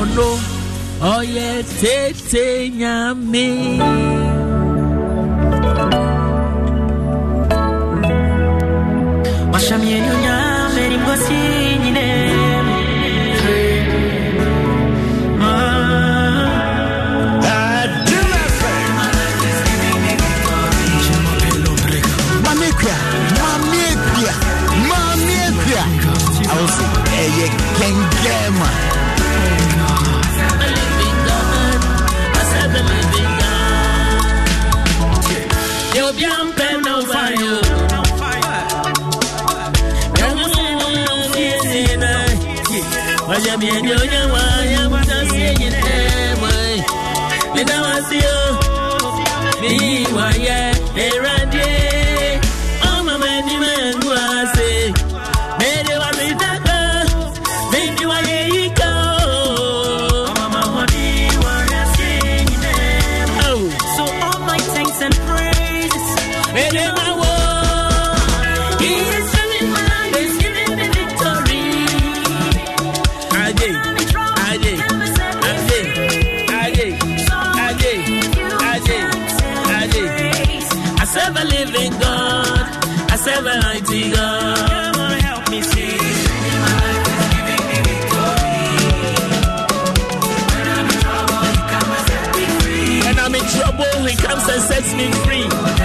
ɔno ɔyɛ tete nyame. Lasciami e non amere mi ẹni onye nwa ya mata si enyi na-enwe. Leda wa He comes and sets me free.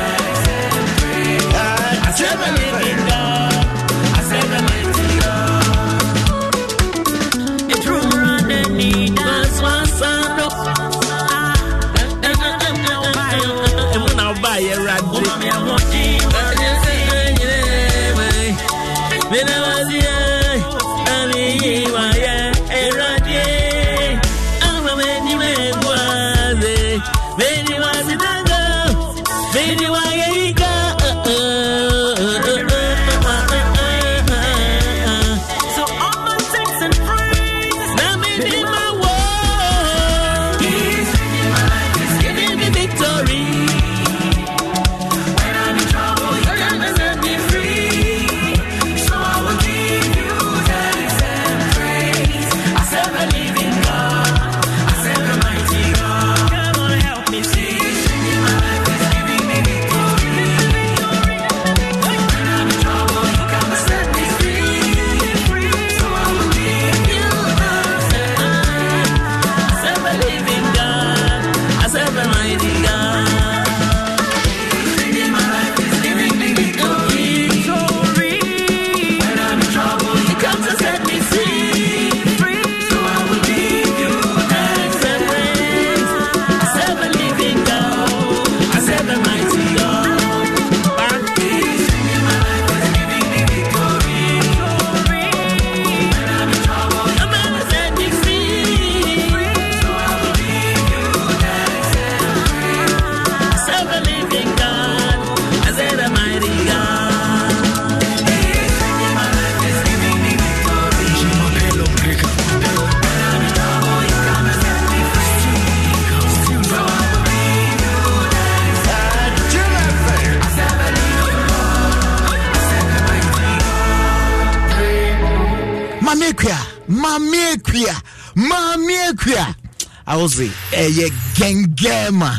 awo se ɛyɛ gɛngɛma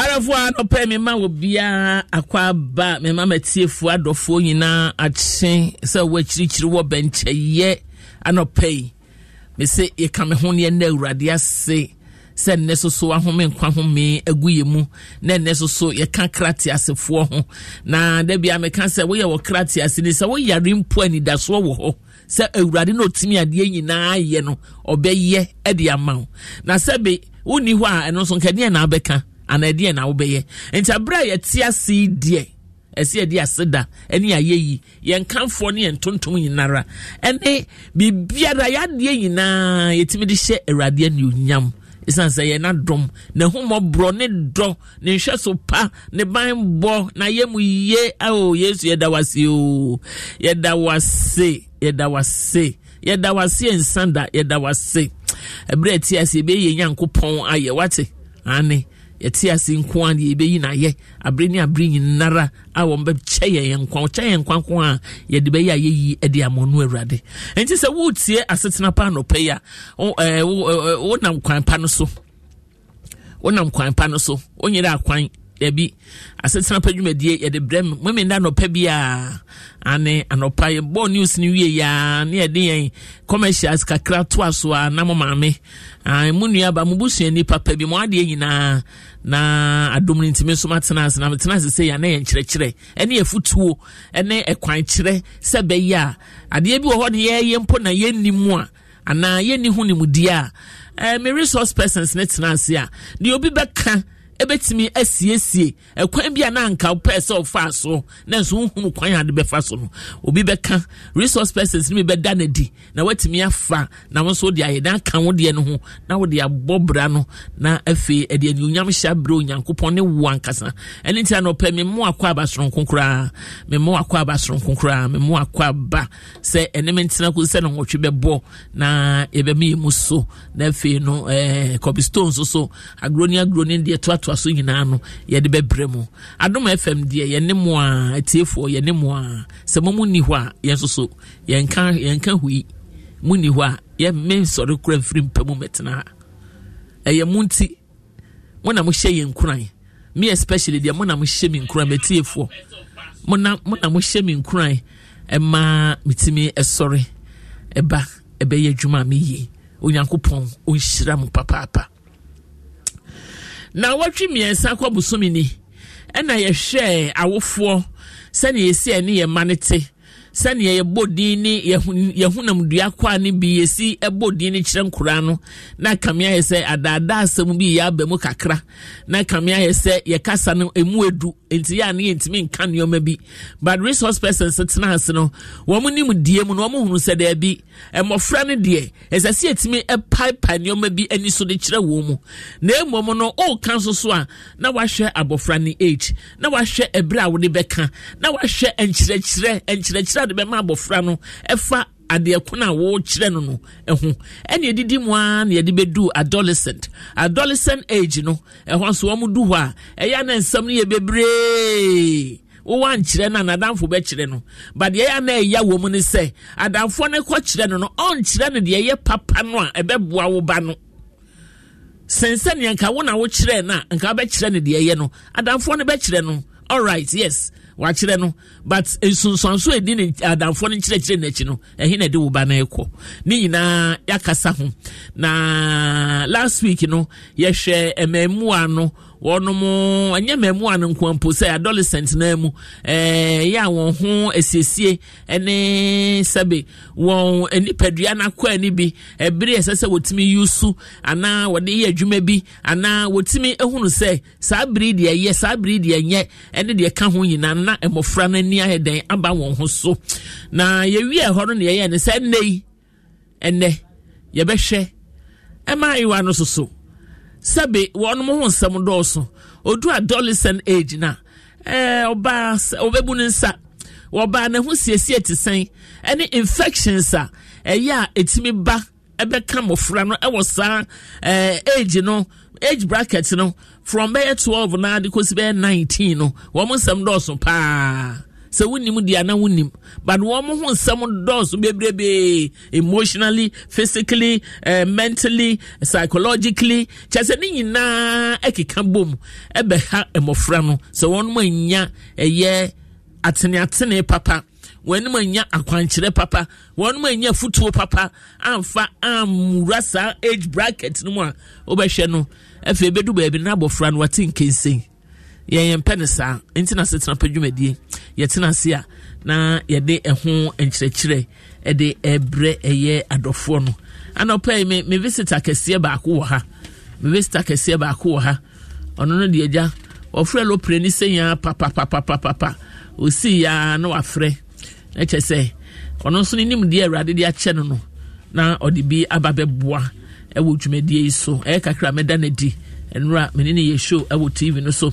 arafoɔ a nɔpɛ me ma wɔ biara akɔ aba me ma matiefoɔ adɔfoɔ nyinaa akye sɛ wɔakyirikyiri wɔ bɛnkyɛyɛ anɔpɛ yi me se yɛka me ho neɛ na awurade ase sɛ nnɛ so so ahome nkwa home agu yɛ mu na nnɛ so so yɛka krate asefoɔ ho na da bia meka sɛ woyɛ wɔ krate ase ni sɛ woyare mpo anidasoɔ wɔ hɔ sɛ awurade na ɔtumi adeɛ nyinaa yɛ no ɔbɛyɛ ɛde ama wo na sɛbe wonni hɔ a ɛno nso nka na abɛka anaa ɛdeɛ na wobɛyɛ nti aberɛ a yɛte ase deɛ ɛsɛ yɛde ase da ɛne ayɛyi yɛn kanfoɔ ne yɛn tontom nyinara ɛne biribiara yɛadeɛ nyinaa yɛtumi de hyɛ awurade anuonyam ɛsiane sɛ yɛn adom n'ahomɔborɔ ne dɔ ne nhwɛ pa ne banbɔ na yɛ mu yie ao yesu yɛda wase o yɛda wase yɛda wase yɛda wase nsanda yɛda wase ɛberɛ ɛte ase ɛbɛyɛ nyankopɔn ayɛ wate ane yɛte ase nko a deɛ yɛbɛyi no ayɛ abere ne abere nyinara a wɔn bɛkyɛ yɛn nkwa wɔkyɛ yɛn nkwa nko a yɛde bɛyɛ a yɛyi de ama ɔno awurade nti sɛ wotie asetena pa anɔpɛ yi a wonam kwan pa no so wonam kwan pa no so wonyere akwan Ebi asetena pa dwumadie yɛde brɛ mu mome nda anɔpa bi a ane anɔpa yɛbɔ news no wie yɛa ne yɛde yɛn commercials kakra toa so a na mo maame mu nuaba mo busuani papa bi mo adeɛ nyinaa na adom no ntimi nso matena ase na metena ase sɛ yɛ ana yɛ nkyerɛkyerɛ ɛne efutuo, ɛne ɛkwankyerɛ sɛ bɛyɛ a adeɛ bi wɔ hɔ ne yɛyɛ mpo na yɛnni mu a anaa yɛnni ho nimdeɛ a ɛɛ me resource persons ne tena ase a deɛ obi bɛka ɛbɛtumi asiesie ɛkwan bi a na anka pɛɛ sɛ ɔfaa so nanso wohunu kwan a de bɛfa so no obi bɛka resource persons ni mi bɛda no adi na woatumi afa na wo nso wode ayɛ na aka wo deɛ no ho na wode abɔ bra no na afei ɛde anuonyam hyɛ abrɛ onyankopɔn ne wo ankasa ɛno nti a na ɔpɛ memmo akɔ aba soronko koraa memmo akɔ aba soronko koraa memmo akɔ aba sɛ ɛne me ntena ko sɛ nɔnwɔtwe bɛbɔ na yɛbɛma yɛ mu so na afei no eh, kɔbi stone so so agroni agroni deɛ toatoa ɛtoa so nyinaa no yɛde bɛbrɛ mu adom fm deɛ yɛne mu a atiefoɔ yɛne mu a sɛ mo mu ni hɔ a yɛn nso so yɛnka yɛnka hui mu ni hɔ a yɛmme nsɔre kora mfiri mpɛ mu mɛtena ha ɛyɛ mo nti mo na mo yɛn nkuran me especially deɛ mo na mo hyɛ me nkuran mɛtiefoɔ mo na mo na mo hyɛ me nkuran ɛmaa metumi ɛsɔre ɛba ɛbɛyɛ adwuma a meyie onyankopɔn ɔnhyira mo papaapa na wɔtwe mmiɛnsa kɔ bosomi ni ɛna yɛhwɛ awofoɔ sɛnea yɛsi ɛne yɛn mma no te sɛnea yɛbɔ din ne yɛhunam dua kwa ne bi yɛsi bɔ din ne kyerɛ nkoraa no na kame ayɛ sɛ adaadaa asɛm bi yɛ mu kakra na kame ayɛ sɛ yɛkasa no ɛmu edu nti yɛ a ne yɛntumi nka nneɛma bi but resource persons tena ase no wɔn nim die mu na wɔn hunu sɛ daabi mmɔfra no deɛ ɛsɛ sɛ yɛtumi paepae nneɛma bi ani so de kyerɛ wɔn mu na mmom no ɔɔka nso so a na wahwɛ abɔfra ne age na wahwɛ ɛberɛ a wɔde bɛka na wahwɛ nkyerɛkyerɛ nkyerɛkyerɛ a de bɛma abɔfra no ɛfa adeɛ ko no wɔrekyerɛ no no mu ara na yɛde bɛdu adolescent adolescent age no ɛhɔ nso wɔn du hɔ a ɛyɛ ana nsɛm no yɛ bebree wowɔ ankyerɛ no a nadamfo bɛkyerɛ no deɛ mu sɛ no kɔkyerɛ no no ɔnkyerɛ no deɛ ɛyɛ papa no a ɛbɛboa wo ba no sɛnsɛn nka na no a nka no deɛ ɛyɛ no no bɛkyerɛ no wakyerɛ no but nsonsonso a ɛdi ne adamfoɔ no nkyerɛkyerɛ n'akyi no ɛhe na ɛde wo ba no ɛkɔ ne nyinaa yɛakasa ho na last week no yɛhwɛ mmaamua no wɔnom ɛnyɛ mmaamua sɛ adolescent mu a wɔn ho esiesie ne sɛbe wɔn nipadua no akɔa bi ɛbere ɛsɛ sɛ wɔtumi yusu anaa wɔde yɛ adwuma bi anaa wɔtumi ehunu sɛ saa bere deɛ yɛ saa bere deɛ nyɛ ɛne deɛ ka ho nyinaa na mmɔfra n'ani ayɛ dɛn aba wɔn ho so na ɛhɔ no no sɛ yi yɛbɛhwɛ no soso sɛbe wɔn ho nsɛm dɔɔso odu adolescent age na ɛɛ eh, ɔbaa ɔbɛbu ne nsa wɔbaa ne ho siesie te sɛn ɛne infections a ɛyɛ a ɛtumi ba ɛbɛka mmɔfra no ɛwɔ saa ɛɛ age no age bracket no from bɛyɛ twelve na de kɔsi bɛyɛ nineteen no wɔn nsɛm dɔɔso paa sɛ wonim deɛ ana wonim but wɔn ho nsɛm dɔɔso bebrebee emotionally physically uh, mentally psychologically kyɛ sɛ ne nyinaa ɛkeka bom ɛbɛha mmɔfra no sɛ wɔn mo anya ɛyɛ atene papa wɔn mo anya akwankyerɛ papa wɔn mo anya futuo papa amfa amura saa age bracket no mu a wɔbɛhwɛ no afei ebedu baabi na abɔfra no wɔte nkensen. yɛyɛmpɛ no saa nti na sɛ tena pɛ dwumadie yɛtena ase a na yɛde ɛho nkyerɛkyerɛ ɛde ɛbrɛ ɛyɛ adɔfoɔ no anɔpɛ yi me me visitor kɛseɛ baako wɔ ha me visitor kɛseɛ baako wɔ ha ɔno no deɛ gya wɔfrɛ lopre ni sɛ nyaa papapapapapa osi ya na wafrɛ ɛkyɛ sɛ ɔno nso ne nim deɛ awurade de akyɛ no no na ɔde bi aba bɛboa ɛwɔ dwumadie yi so ɛyɛ kakra mɛda no adi ɛnura mene ne yɛ show ɛwɔ tv no so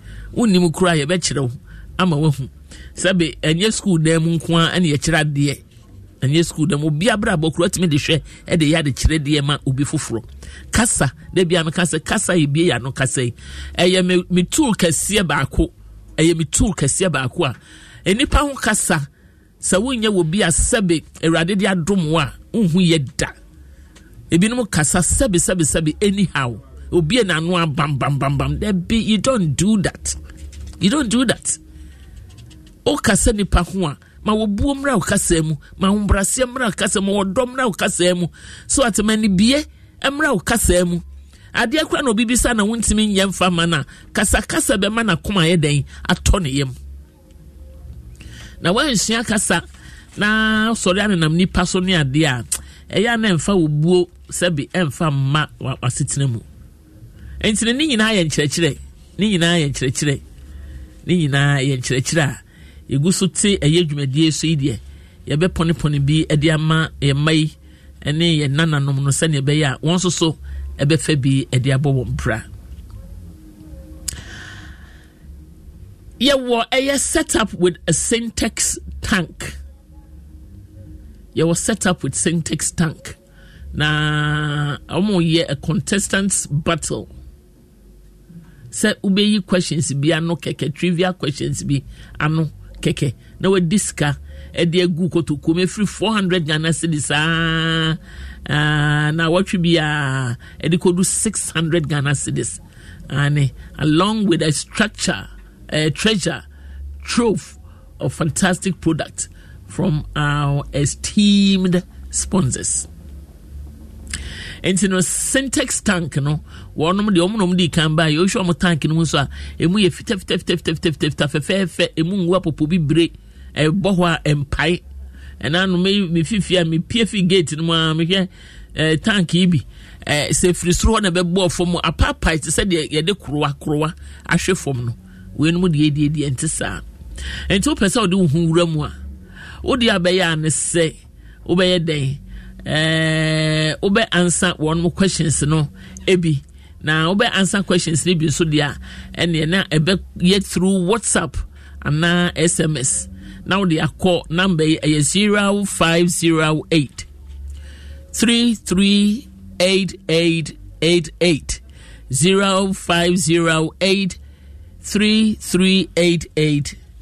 wonim koraa yɛbɛkyerɛ wo ama woahu sɛbe ɛnyɛ sukuu dan mu nko a ɛne yɛkyerɛ adeɛ ɛnyɛ sukuu dan mu obi abrabɔ kura tumi de hwɛ ɛde yɛ adekyerɛ deɛ ma obi foforɔ kasa de bi a meka kasa yɛ bie yɛ ano kasa yi ɛyɛ me me tool kɛseɛ baako ɛyɛ me tool kɛseɛ baako a nipa ho kasa sɛ wonyɛ wɔ bi a sɛbe awurade de adom wo nhu yɛ da ebinom kasa sɛbe sɛbe sɛbe anyhow obi and anwa bam bam bam bam. There be you don't do that. You don't do that. O kasa nipa ho a ma wɔbuo mmra wo kasa mu ma wombraseɛ mmra wo kasa mu wɔdɔ mmra wo kasa mu so atemani bie emra wo kasa mu adeɛ kora na obi bisa na wontumi nyɛ mfa ma no kasakasa bɛma nakoma yɛ dɛn atɔ ne yam na woansua kasa na sɔre anenam nipa so ne adeɛ a ɛyɛ a na ɛmfa wo buo sɛbi ɛmfa mma wasetena mu nti ne nyinaa yɛ nkyerɛkyerɛ ne nyinaa yɛ nkyerɛkyerɛ ne nyinaa yɛ nkyerɛkyerɛ a yɛgu so te ɛyɛ dwumadie so yi deɛ yɛbɛpɔnepɔne bi de ama yɛn mma yi ne yɛn nananom no sɛnea ɛbɛyɛ a wɔn nso so ɛbɛfa bi de abɔ wɔn bra yɛwɔ ɛyɛ set up with a syntax tank yɛwɔ set up with syntax tank na wɔn yɛ a contestant battle sɛ wobɛyi questions bi ano kɛkɛ trivial questions bi ano kɛkɛ na wadi sika ɛde agu kotokuo mu ɛfiri 400 ghana cedi saa na wɔtwe biaa ɛde kɔdu 600 ghana cedis Ani along with a structure a treasure trove of fantastic products from our esteemed sponsors nti no syntax tank no wɔnom deɛ ɔmo nom de kan baa yɛ ohwɛ ɔmo tank no mu nso a emu yɛ fitafitafitafitafita fɛfɛɛfɛ emu ngu apɔpɔ bibire ɛbɔ hɔ a ɛmpae ɛna no me me fifi a me pie fi gate no mu a mehwɛ ɛɛ tank yi bi ɛɛ sɛ firi soro hɔ na ɛbɛbɔ fam apaapae te sɛ deɛ yɛde korowa korowa ahwɛ fam no wei no mu deɛ die die nti saa nti wopɛ sɛ ɔde wo ho wura mu a wodi abɛyɛ a ne sɛ wobɛyɛ dɛn wobɛ eh, ansa wɔn questions no ebi na wobɛ answer questions no bi nso deɛ ɛnneɛ na ɛbɛyɛ through whatsapp anaa sms na wode akɔ number yi eh, ɛyɛ three three eight eight.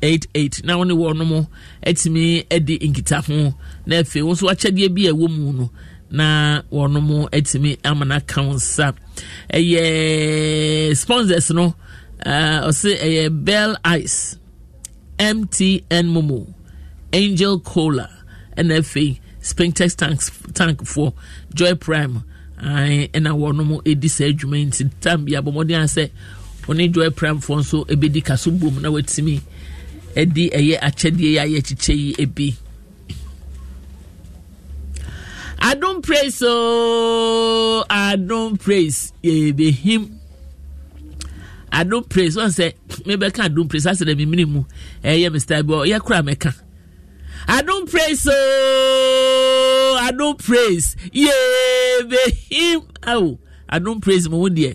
88 na wɔne wɔn mo atumi adi nkita ho na afei wɔn nso akyɛdeɛ bi a ɛwɔ mu no na wɔn mo atumi ama no aka wɔn nsa ɛyɛ sponsors no ah, ɔsɛ ɛyɛ bell ice mtn momo angel cola ɛna afei spintex tank Tank tankfoɔ joy prime ɛna wɔn mo edi saa adwuma yi nti tam bi abɔmɔden asɛ wɔne joy prime foɔ nso ebedi kaso bom na wɔatumi ɛde ɛyɛ akyɛdeɛ yɛ ayɛ kyikyɛ yi ebi adum praise ooo oh, adum praise yɛbɛhim adum praise wɔn sɛ mebɛka adum praise asɛ dɛ mimiri mu ɛyɛ mr bi ɔyɛ kura mɛka adum praise ooo oh, adum praise yɛbɛhim awo adum praise mu wɔn deɛ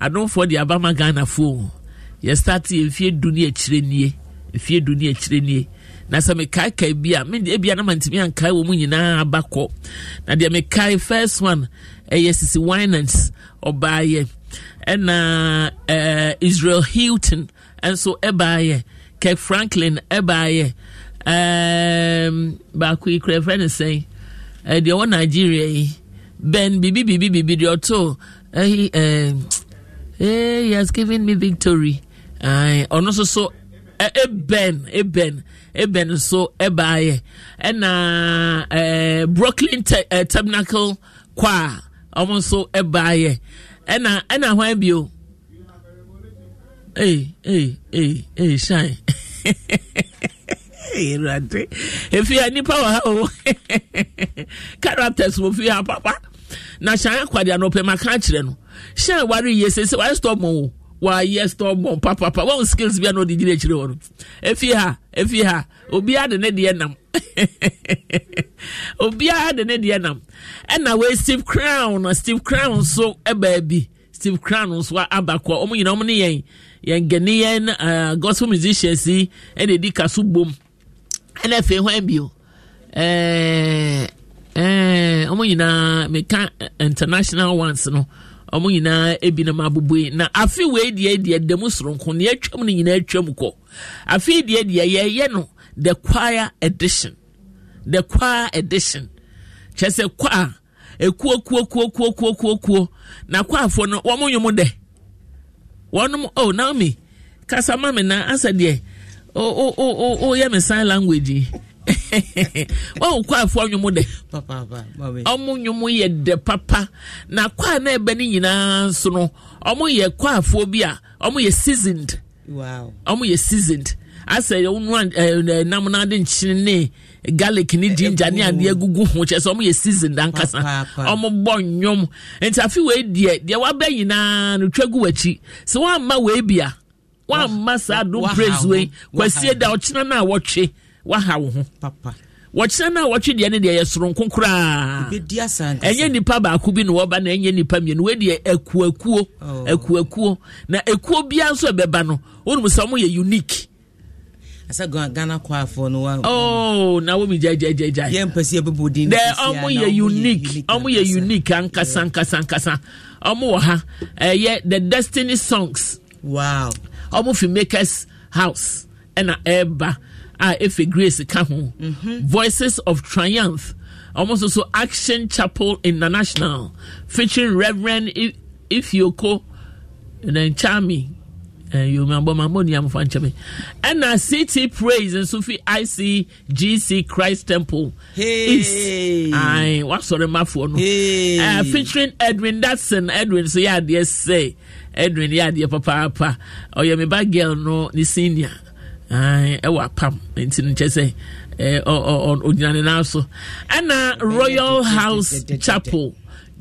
adumfoɔ deɛ abama ghana foɔ yɛ start yɛn fie du ne akyire nie fie du ne akyire nie na sɛ mekaekae bi a mede ebia na mantumi ankae wɔ mu nyinaa aba na deɛ mekae first one ɛyɛ sisi winans ɔbaayɛ ɛna uh, israel hilton nso ɛbaayɛ kek franklin ɛbaayɛ um, baako yi kura fɛn sɛn uh, eh, deɛ ɔwɔ nigeria yi ben bibi bibi bibi deɛ ɔtoo ɛyi uh, ɛɛ uh, hey, he has given me victory ɔno uh, so eben eh, eh, eben eh, eben nso baayɛ ɛna ɛɛ brooklyn te ɛɛ tabernacle choir ɔmo nso baayɛ ɛna ɛna hwan bio ee ee ee ee shine ewurade efi ha nipa wɔ ha o characters wɔ fi ha papa na shine akwadaa na ɔpɛ maka akyerɛ no shine wari yie sese wari stop mo o. wayɛ store bɔn papapa wɔn skills bi a na ɔde gyina akyire wɔ no efi ha efi ha obiara de ne deɛ nam obiara de ne deɛ nam ɛna wei steve crown na steve crown nso ɛbaa e bi steve crown nso aba kɔ wɔn nyinaa wɔn ne yɛn yɛn ghanaian uh, eh, gospel musicians yi ɛna edi kaso bom ɛna afei hɔn bio ɛɛ eh, wɔn eh, nyinaa meka international ones no. ɔmo nyinaa ebi ebinom yi na afe wei deɛ deɛ dɛm soronko nea atwam no nyinaa atwam kɔ afe deɛ deɛ yɛyɛ no the choir edition the choir edition kyerɛ sɛ choir ekuo kuo kuo kuo kuo kuo kuo na kwaafo no wɔn mu dɛ wɔn oh naomi kasa ma mi na asɛ deɛ o oh, o oh, o oh, o o yɛ mi sign language yi. wɔn kɔ afoɔ nwomo dɛ ɔmo nwomo yɛ dɛ papa na kɔ a na ɛbɛ ne nso no ɔmo yɛ kɔ afoɔ bi a ɔmo yɛ seasoned ɔmo yɛ seasoned asɛ ɔnua ɛɛ nam na adi nkyini ne garlic ne ginger ne adeɛ gugu ho kyɛ sɛ ɔmo yɛ seasoned ankasa ɔmo bɔ nnwom nti afi wei deɛ deɛ wabɛ nyinaa no gu w'akyi sɛ wɔn ama wei bia wɔn ama saa do praise wei kwasie da ɔkyina na awɔtwe waha wo ho papa wɔkyerɛ no a wɔtwe deɛ no deɛ yɛ soronko koraa ɛnyɛ nnipa baako bi na wɔba na ɛnyɛ nnipa mmienu wei deɛ akuakuo oh. akuakuo na ekuo biara nso ɛbɛba no wonom sɛ ɔmo yɛ unique asa ghana kɔ afɔ wa. ooo na wo mi jaijaijai. yẹn mpɛsi yɛ bɛbɔ den de na ɔmu yɛ unique ɔmu yɛ unique ankasa ankasa ankasa ɔmu wɔ ha ɛyɛ the destiny songs. wow. ɔmu fi makers house ɛna ɛɛba a efe grace ka ho mhm. voices of triumph ɔmo nso so action chapel international featuring reverend ifioko nanchami yomabɔmamɔniamfa nkyɛme ɛna city praise nso fi icgc christ temple east ae wasɔre mafoɔ no uh, featuring edwin datson edwin so yɛ adeɛ sɛ edwin yɛ adeɛ papaapa ɔyɛ oh, me ba girl no ne senior ɛwɔ apam nti no kyɛ sɛ ɔgyina ne nan so ɛna royal house chapel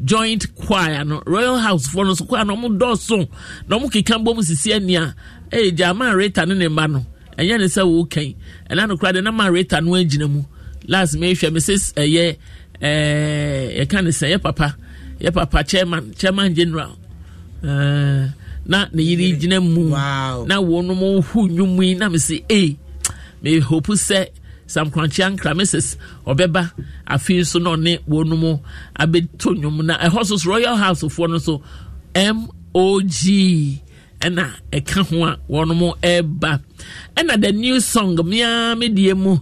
joint choir no royal house foɔ no so choir na ɔmo dɔɔso na ɔmo keka bɔ mu sisi ania ɛyɛ gyama reta ne ne mma no ɛnyɛ ne sɛ wɔɔkan ɛna no kora de na ma reta no agyina mu last may hwɛ mrs ɛyɛ ɛɛ yɛka ne sɛ yɛ papa yɛ papa chairman chairman general ɛɛ. Uh, na ne yere gyina mu na wɔnom hu nnwom yi na mese e mehope sɛ samkrankyea nkra mrs ɔbɛba afei nso na ɔne wɔnom abɛtɔ nnwom na ɛhɔ so so royal housefoɔ no so mog ɛna ɛka ho a wɔnom ɛreba ɛna the new song me medie mu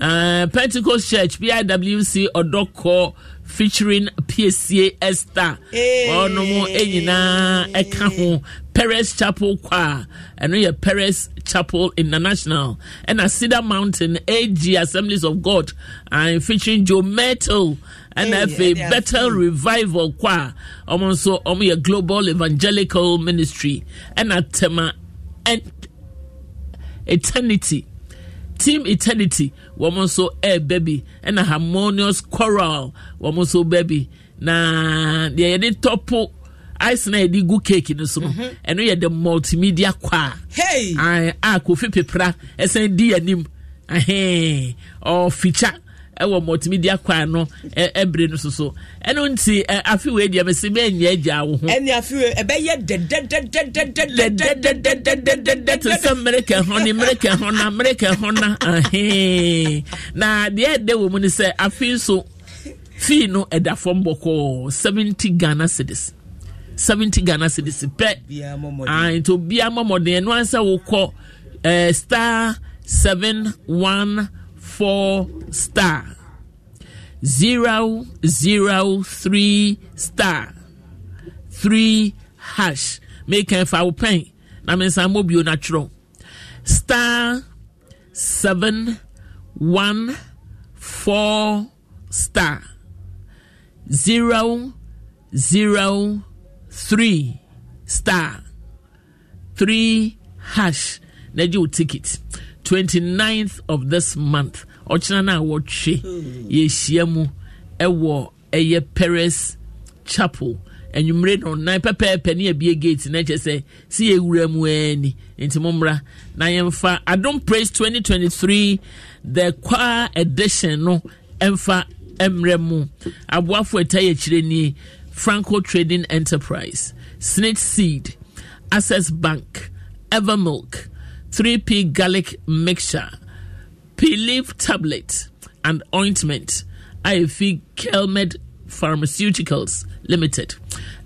uh, pentecost church piwc ɔdɔkɔɔ featuring PSA Esther ɔnom nyinaa ɛka ho Paris Chapel Choir and we yɛ Paris Chapel International ɛna Cedar Mountain AG Assemblies of God and featuring Joe Metal and have a Bethel Revival Choir ɔmo nso ɔmo yɛ Global Evangelical Ministry and ɛna Tema Eternity Team Eternity wɔn nso ɛɛbɛ bi ɛna harmonious choral wɔn nso bɛ bi na deɛ yɛde tɔpo ice na yɛde gu cake no so no ɛno yɛ the multimedia choir hey. a kofi pepra ɛsɛn di anim ɔficha ɛwɔ multimedia kwan no ɛbere no soso ɛno nti afiwe deɛ mesi bɛɛ nyɛ gya wo ho. ɛni afiwe ɛbɛyɛ dɛdɛdɛdɛdɛdɛdɛdɛdɛdɛdɛdɛdɛdɛdɛ te sɛ mmerika ho ni mmerika ho na mmerika ho na ahee na deɛ ɛdɛ wɔ mu ni sɛ afi nso fii no ɛda fam bɔkɔɔ seventy ghana cedis seventy ghana cedis pɛ nti obiara mɔmɔden ɛnu ansa wokɔ ɛɛ star seven one four star zero zero three star three hash make a fa wo pɛn na me nsa mo star seven one four star zero zero three star three hash na gye wo ticket. 29th of this month ɔkyena no a wɔtwe yɛhyia mu ɛwɔ ɛyɛ paris chapel anwummere no nan pɛpɛɛpɛ ne abie gate na kyerɛ sɛ si yɛwura mu ani nti mommra na yɛmfa adom praise 2023 the qua edition no ɛmfa mmerɛ mu aboafo ɛta yɛkyerɛ ni franco trading enterprise snitch seed access bank evermilk 3p garlic mixture, leaf tablet, and ointment. I V Kelmed Pharmaceuticals Limited.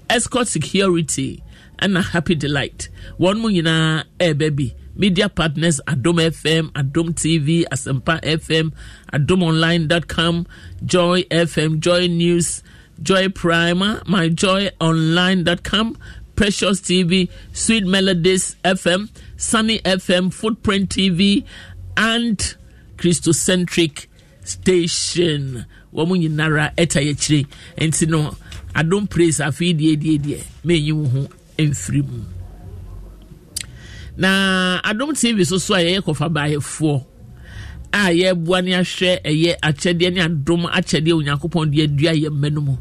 Escort Security and a Happy Delight. One more, you know, eh, baby. Media partners Adom FM, Adom TV, Asempa FM, AdomOnline.com, Joy FM, Joy News, Joy Primer, MyJoyOnline.com, Precious TV, Sweet Melodies FM, Sunny FM, Footprint TV, and Christocentric Station. wɔn nyinara ɛta yɛ akyire nti no adom praise afei deɛ deɛ deɛ meyi wo ho mfiri mu na adom tv so so a kofa kɔfa baayɛfoɔ Aye, yɛreboa ne ahwɛ ɛyɛ akyɛdeɛ ne adom akyɛdeɛ onyankopɔn de adua yɛ mma no mu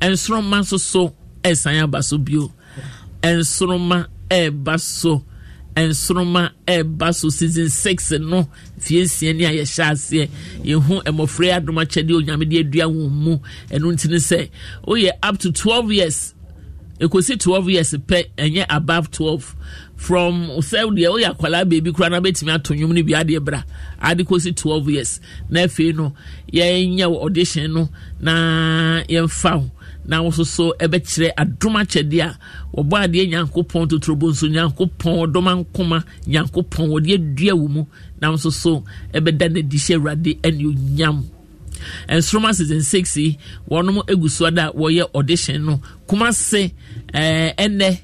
nsoroma nso so ɛresan aba so bio nsoroma ɛreba eh, so nsoroma ɛreba so season six no fiesie ne a yɛhyɛ aseɛ yɛhu mmɔfra adom akyɛdeɛ onyame de adua wɔn mu ɛno nti ne sɛ woyɛ up to twelve years ekosi twelve years pɛ ɛnyɛ above twelve from sɛ deɛ woyɛ akwadaa beebi koraa na bɛtumi ato nwom no bi adeɛ bra ade kosi twelve years na afei no yɛnyɛ audition no na yɛmfa ho na wososo so ɛbɛkyerɛ adom akyɛdeɛ a wɔbɔ adeɛ nyankopɔn totorobɔ nso nyankopɔn ɔdɔm ankoma nyankopɔn wɔde adua wɔ mu na wososo so ɛbɛda no adi hyɛ awurade anuonyam nsoroma season six yi wɔnom egu so ada wɔyɛ audition no kumase ɛɛ eh, ɛnɛ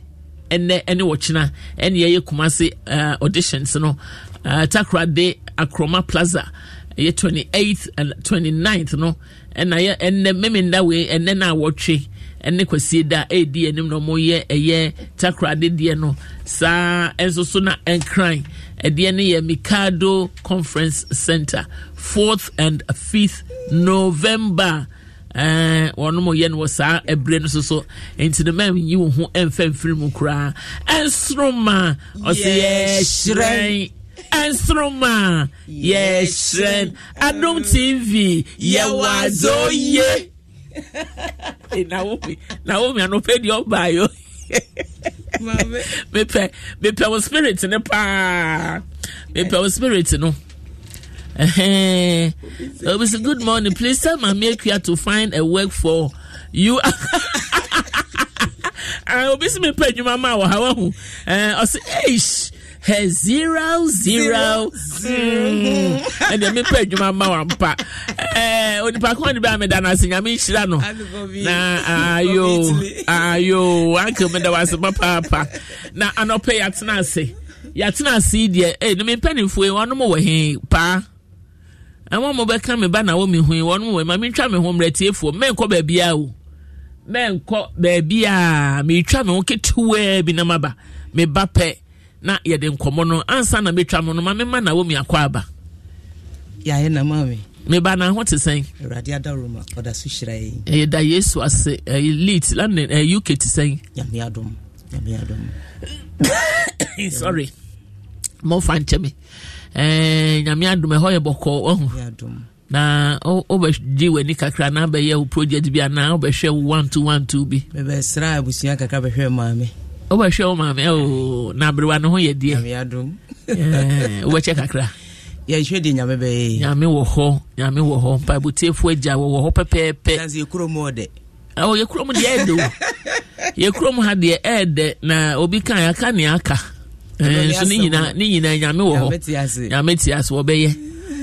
ɛnɛ ɛne wɔkyena ɛne ɛyɛ kumase ɛɛ eh, auditions no ɛɛ eh, takoradi akroma plaza. ɛyɛ 28th and 29th no ɛna yɛ ɛnɛ mmemmenda wei ɛnɛ na awɔtwe ɛne kwasie da ɛredi anim na wɔyɛ ɛyɛ takoradi deɛ no saa ɛnso so na ɛnkran ɛdeɛ no yɛ mikado conference center 4th and 5th november ɛɛ wɔn mo yɛ no wɔ saa ɛbrɛ no soso nti ne mɛm yi wɔn ho ɛnfɛn firi mu koraa ɛnsoroma ɔsi yɛ hyerɛn. ɛnsoroma yɛhyerɛn adom tv yɛwɔ adze oye naomi naomi anopɛ deɛ ɔbaa yo mepɛ mepɛ wo spirit no paa mepɛ wo spirit no obi say good morning please tell mami ekuya to find a work for you. Ah, me pay si mama adwuma ma wɔ ha eh, I say, eish. Zero zero zero ɛdeɛ mepɛ mm. adwuma ma wa mpa eh, onipa ko ne bɛ a meda no ase nyame nhyira no na ayo ayo anke meda wase papaapa na anɔpɛ yɛatena ase yɛatena ase yi deɛ ee eh, ne mpanimfoɔ yi wɔn wɔ he paa ɛwɔn mo bɛka me ba na wɔn mi ho yi wɔn wɔ maame ntwa me ho mmerɛ tie foɔ mɛnkɔ baabi a o mɛnkɔ baabi a meetwa me ho ketewa bi na ma ba me ba pɛ na yɛde nkɔmmɔ no ansa na mɛtwa mo no ma mema na wɔmi akɔ aba yɛayɛ na ma me meba na ho te sɛn awurade adaroma ɔda so hyira yi ɛyɛ da yesu ase ɛyɛ leet london ɛyɛ uk te sɛn nyame adom nyame adom sorry mɔfa nkyɛ me ɛɛ nyame adom ɛhɔ yɛ bɔkɔɔ ɔho na wobɛgye w'ani kakra na bɛyɛ wo project bi anaa wobɛhwɛ wo 1212 bi mebɛsrɛ abusua kakra bɛhwɛ maame wobɛhwɛ wo maame o na aberewa no ho yɛ deɛ wobɛkyɛ kakra yɛhwɛ deɛ nyame bɛyɛ nyame wɔ hɔ nyame wɔ hɔ mpaebotiefoɔ agya wɔwɔ hɔ pɛpɛɛpɛ yɛkurom dɛ oh, yɛkurom deɛ ɛdɛ yɛkurom ha deɛ ɛɛdɛ na obi ka yɛaka ne aka nso ne nyinaa nyame wɔ hɔ nyame te ase wɔbɛyɛ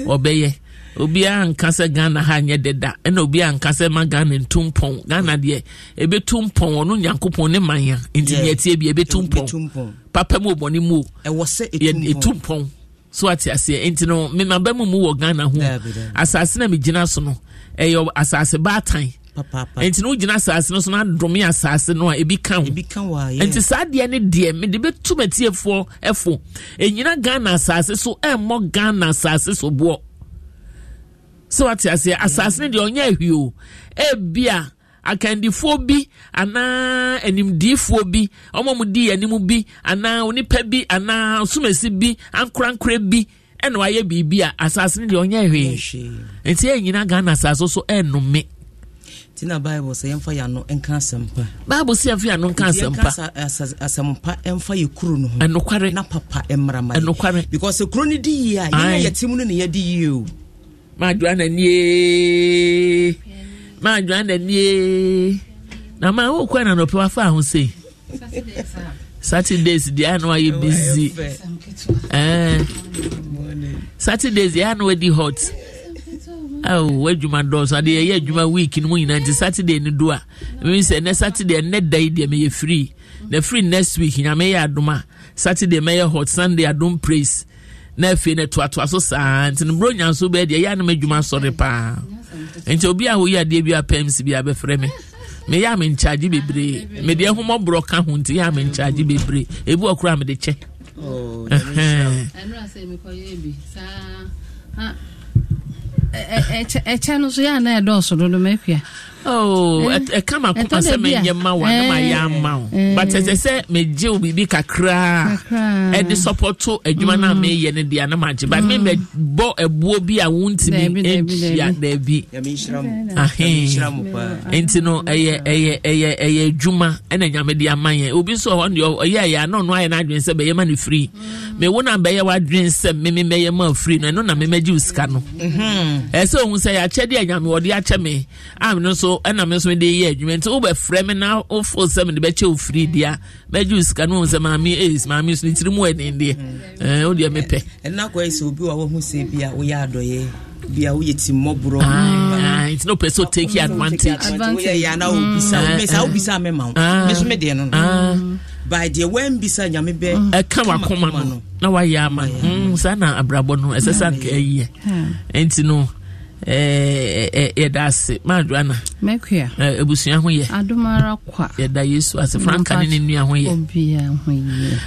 wɔbɛyɛ obiara nka sɛ ghana ha nyɛ deda ɛna obiara nka ma ghana ntu mpɔn ghana deɛ ebetu mpɔn ɔno nyankopɔn ne manya nti yeah. nyɛtie bi ebetu mpɔn papa mu obɔne mu o ɛwɔ sɛ etu mpɔn so ate aseɛ nti no mmemaba mu mu wɔ ghana ho asase na megyina so no ɛyɛ asase baatan nti na wogyina asase no so na adome asase no a ebi ka ho nti saa deɛ ne deɛ mede bɛtu matiefoɔ ɛfo ɛnyina ghana asase so ɛmmɔ ghana asase so boɔ sɛ wate aseɛ asase deɛ ɔnyɛ ahwie o ebia eh, akandifoɔ bi anaa animdiifoɔ bi ɔmo mo di anim bi anaa onipa bi anaa sumasi bi ankorankora bi ɛna wayɛ biribi a asase no deɛ ɔnyɛ hwee nti ɛnyina ghana asase so ɛnome eh, tina bible sɛ yɛmfa ano nka asɛmpa bible sɛ yɛmfa yɛano nka asɛmpa asɛmpa ɛmfa yɛ kuro no ho ɛnokware na papa mmrama because kuro no di yie a yɛyɛ yɛtim no ne yɛdi yie o maadua n'anie maadua n'anie na maa o kɔ ɛnanɔpɛ wafa aho se saturdays deɛ ano ayɛ busy ɛɛ saturdays deɛ ano di hot awo w'adwuma dɔɔso adeɛ yɛyɛ adwuma week no mu nyinaa nti saturday ni do a ɛmi sɛ ɛnɛ saturday ɛnɛ da yi deɛ meyɛ free na free next week nyame yɛ aduma. saturday mɛyɛ hot sunday adom praise na afei no toatoa so saa nti no mmerɛ nya nso bɛɛ deɛ ɛyɛ anom adwuma sɔre paa nti obi a woyi adeɛ bi apɛm si bi abɛfrɛ me meyɛ a menkyagye bebree mede ahomɔborɔ ka ho nti yɛ a menkyagye bebree ɛbi wɔ kora mede kyɛ oh, ɛkyɛ no so yɛ a na ɛdɔɔso dodo mapia ɛka ma koma sɛ menyɛ ma wo ana mayɛ ama wo but ɛsɛ sɛ megye wo biribi kakraa ɛde sɔpɔto adwuma no a meyɛ no deɛ ana magye but memɛbɔ ɛboɔ bi a wontimi ɛnkyia daabi nti no ɛyɛ ɛyɛ ɛyɛ ɛyɛ adwuma ɛna nyame de ama yɛn obi nso hɔ deɛ ɔyɛ ɛyɛ ana ɔno ayɛ n'adwene sɛ bɛyɛ ma no firi mewo no a bɛyɛ w'adwene sɛ meme mɛyɛ ma firi no ɛno na memɛgye wo sika no ɛsɛ ohu sɛ yɛakyɛdeɛ nyame wɔde akyɛ me a meno nso so ɛna me nso de yɛ adwuma nti wobɛfrɛ me na wofo sɛ mede bɛkyɛ wo firi mm. deɛ mɛgye wo sika no wɔ sɛ maame ɛs eh, maame so ne tiri mu ɛden deɛ mm. eh, wodeɛ mepɛ eh, ɛna kɔɛ sɛ obi wa wohu sɛ bia woyɛ adɔyɛ bia woyɛ timmɔborɔ ah, ah, nti na wopɛ sɛ wotake advantagewobisaa ah, mɛma wo meso medeɛ no no by deɛ wambisa nyame bɛ mm. ɛka wakoma no na wayɛ ama saa na abrabɔ no ɛsɛ sɛ anka ɛyiɛ ɛnti no Eh, eh, eh, yɛda ase maaduana abusua ho yɛ yɛda yesu ase frankane ne ne nua ho yɛ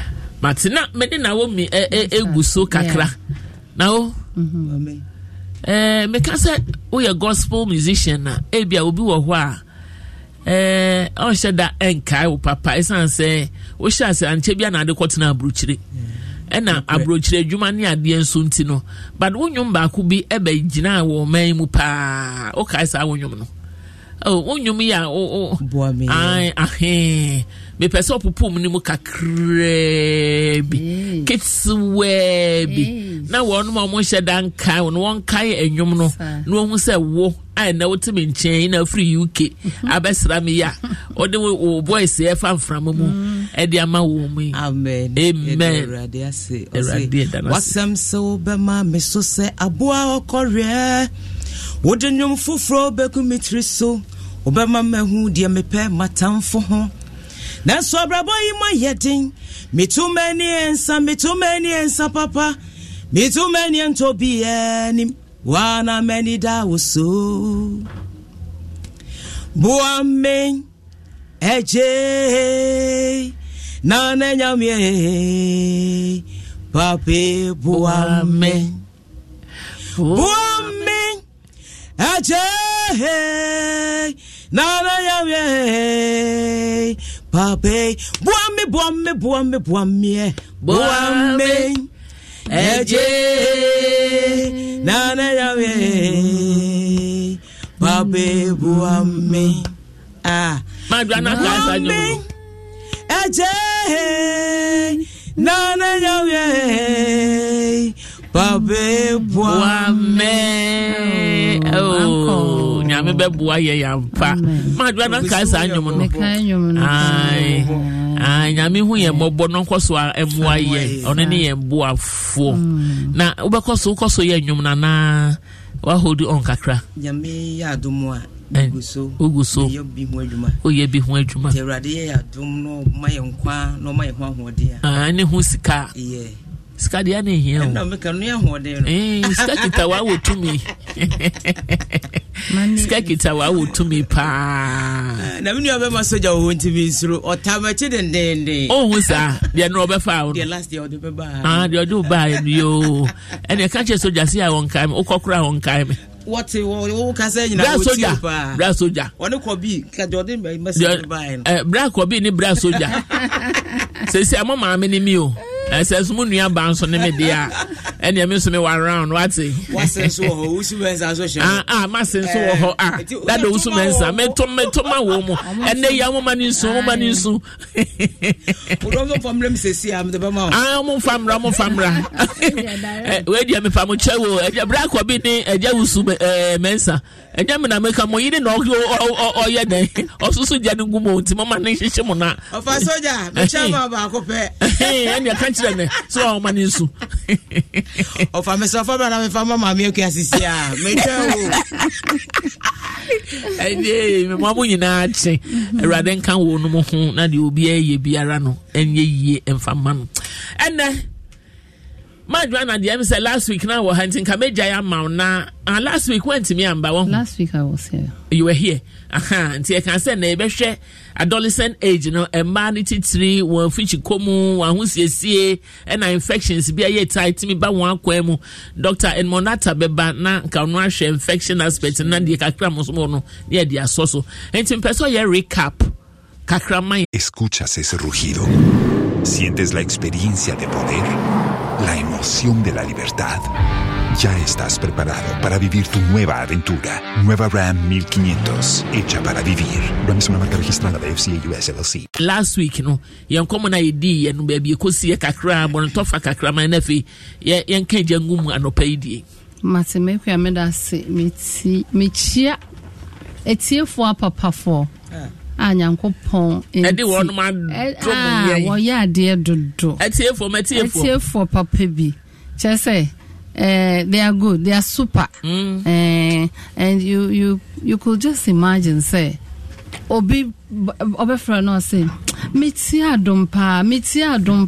mate na mede na wo mi egu so kakra na wo mhm. meka sɛ woyɛ gospel musician a ebia obi wɔ hɔ a ɔnhyɛ da nkae wo papa ɛsiane sɛ wohyɛ ase ankyɛ bia na ade kɔtena aburukyire yeah. ɛna aburokyire adwuma ne adeɛ nso nti no baako bi ɛbɛgyina wɔ ɔman mu paa wokae saa wo no oh, yi a ahe mepɛ sɛ ɔpopo no mu kakraa bi ketewaa bi na wɔnom a ɔmonhyɛ da nkae no a ɛnɛ wote nkyɛn na afiri uk mhm. abɛsra me yi ɔde wo boys ɛfa mframa mu mm. ɛde ama wo mu yi amen awurade wasɛm sɛ wobɛma me so sɛ aboa ɔkɔreɛ wode nnwom foforɔ bɛku me tiri so wobɛma mahu deɛ mepɛ matamfo ho nanso abrabɔ yi ma yɛ den metu m'ani ɛnsa metu m'ani ɛnsa papa metu m'ani ɛntɔ biaa nim wana meni da woso buame eje nane nyamie pape buame buame eje na nyamie pape buame buame buame buame buame, buame. eje nana yawe babe buami ah maduana kasa nyo eje nana yawe babe buami oh nyame bɛboa yɛ yɛmpa maadwa na nkae saa nnwom no nyame hu yɛn mmɔbɔ no nkɔ so mmoa yɛ ɔno ne yɛn boafoɔ mm. na wobɛkɔ so wokɔ so yɛ nnwom no anaa wahodi ɔn kakra nyame so woyɛ bi ho adwuma ne ho sika sika di ne hia o sika kitawa wɔ tumi sika kitawa wɔ tumi paa. Eh, na mi ni ɔbɛ ma soja wo nti mi nsoro ɔtaamakye dendenden. ohun saa deɛ no ɔbɛfa awo. deɛ last deɛ ɔde bɛ baa. aa ah, deɛ ɔde baa yɛ bi yoo ɛnna ɛka kyerɛ soja si a wɔn kaa mi okɔ kora wɔn kaa mi. wɔte wɔn kasa nyinaa wɔn ti paa bra soja wɔne kɔ bi kajɔ de mɛsɛn baa yɛ no. Eh, bra kɔ ni bra soja sese a mo maame ni mi o ɛsɛ so mu nua ba nso ne me deɛ a ɛnea me nso me wa round wate. wase nso wɔ hɔ wusu mɛnsa nso hyɛ. ah ah mase nso wɔ hɔ ah dada wusu mɛnsa mɛto mɛto ma wɔ mu ɛnɛ yi amoma ni nsu amoma ni nsu. wòlò mo fa mìíràn sèse a mo de bɛ ma o. ah mo fa mìíràn mo fa mìíràn eh, eh, wei deɛ mi fa mo kyɛ wo ɛdiɛ bere akɔ bi ni ɛdiɛ wusu ɛɛ eh, mɛnsa ɛdiɛ mi na mi ka mo yiri na ɔyɛ dɛ ɔsoso gya ni gu mo ma ne hyehyɛ mo na. ɔfa soja mi kyɛ mo a baako pɛ. ɛnìyɛ kan kyerɛ me sɛ wɔma ne nsu ɔfa me sɛ ɔfa bra na mefa ma maame akua sisi a metwa wo ɛne mmoa mo nyinaa kye awurade nka wɔ no mu ho na deɛ obiaa yɛ biara no ɛnyɛ yie mfa ma no ɛnɛ madwana deɛ m sɛ last week na wɔ ha nti nka mɛgyae ama wo na uh, last week woantumi amba wɔ last week i was here you were here aha nti ɛka sɛ na yɛbɛhwɛ adolescent age no know no titiri wɔn afikyi kɔn mu wɔn ahosiesie ɛna infections bi a yɛ be timi ba wɔn akwan mu doctor edmonata bɛba na nka infection aspect na deɛ kakra mo so mo no di de so nti mpɛ recap kakramai. escuchas ese rugido sientes la experiencia de poder la emoción de la libertad. Ya estás preparado para vivir tu nueva aventura. Nueva Ram 1500, hecha para vivir. Ram es una marca registrada de FCA US LLC. Last week, no, yɛn kɔmɔ na yɛ di yɛn no baabi ekosi yɛ kakra abɔntɔfa kakra ma ɛnɛfi yɛ yɛn kɛn gya ngum anɔpɛ yi die. Mate mekua me fo ase meti mekyia etiefoɔ ah. a nyankopɔn ɛde wɔn ma dɔm yɛ wɔyɛ adeɛ dodo etiefoɔ mɛ etiefoɔ fo papa bi chese Uh, they are good. They are super. Mm. Uh, and you you you could just imagine say, obi Obi Frano sẹ mi ti adum paa mi ti adum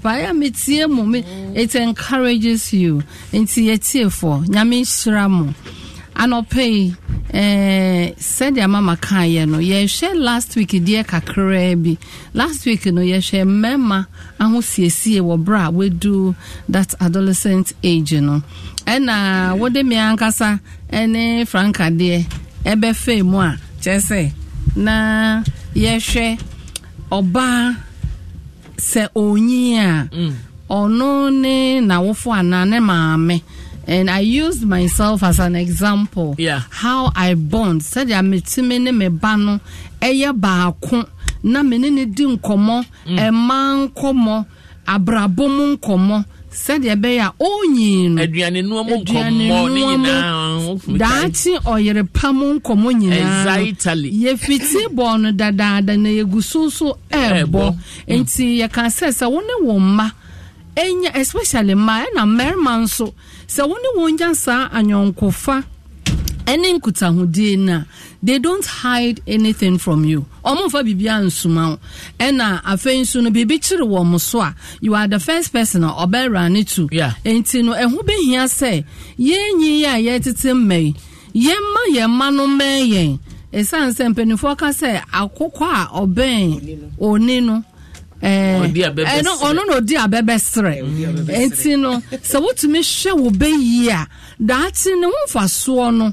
it encourages you It's yẹ tie fọ nyame anɔpɛyi eh, sɛdeɛ mama kaeɛ no yɛhwɛ last week deɛ kakraa bi last week no yɛhwɛ mmarima ahosiesie wɔ berɛ a wɔadu that adolescent age no ɛna wode me ankasa ne franka deɛ mu a kyerɛ sɛ na yɛhwɛ ɔbaa sɛ ɔnyin a mm. ɔno ne n'awofo anaa ne maame and I used myself as an example. Yeah. How I bond. Said I met me ne me bano eye baako na me ne ne di nkɔmɔ ɛma nkɔmɔ abrabɔ mu nkɔmɔ sɛdeɛ ɛbɛyɛ a ɔnyin no aduane nua mu nkɔmɔ ne nyinaa daakye ɔyere pa mu nkɔmɔ nyinaa exactly yɛfiti bɔɔ no dadaada na yɛgu so nso ɛɛbɔ nti yɛka sɛ sɛ wo ne wo mma enya especially mmaa ɛna mmarima nso sɛ wɔn ne wɔn nya saa anyɔnkofa ɛne nkutahodie na they don't hide anything from you ɔmo nfa biribiara nsoma wo ɛna afei nso no biribi kyerɛ wɔn so a you are the first person a ɔbɛra ne to nti no ɛho bɛhia sɛ yɛnyi yɛ a yɛtete mma yi yɛn mma yɛn mma no mɛn yɛn esan sɛ mpanimfoɔ ka sɛ akokɔ a ɔbɛn oni no. Eh, ɛno eh, ɔno na ɔdi abɛbɛserɛ nti no sɛ wotumi hwɛ wo a daakye ne ho mfasoɔ no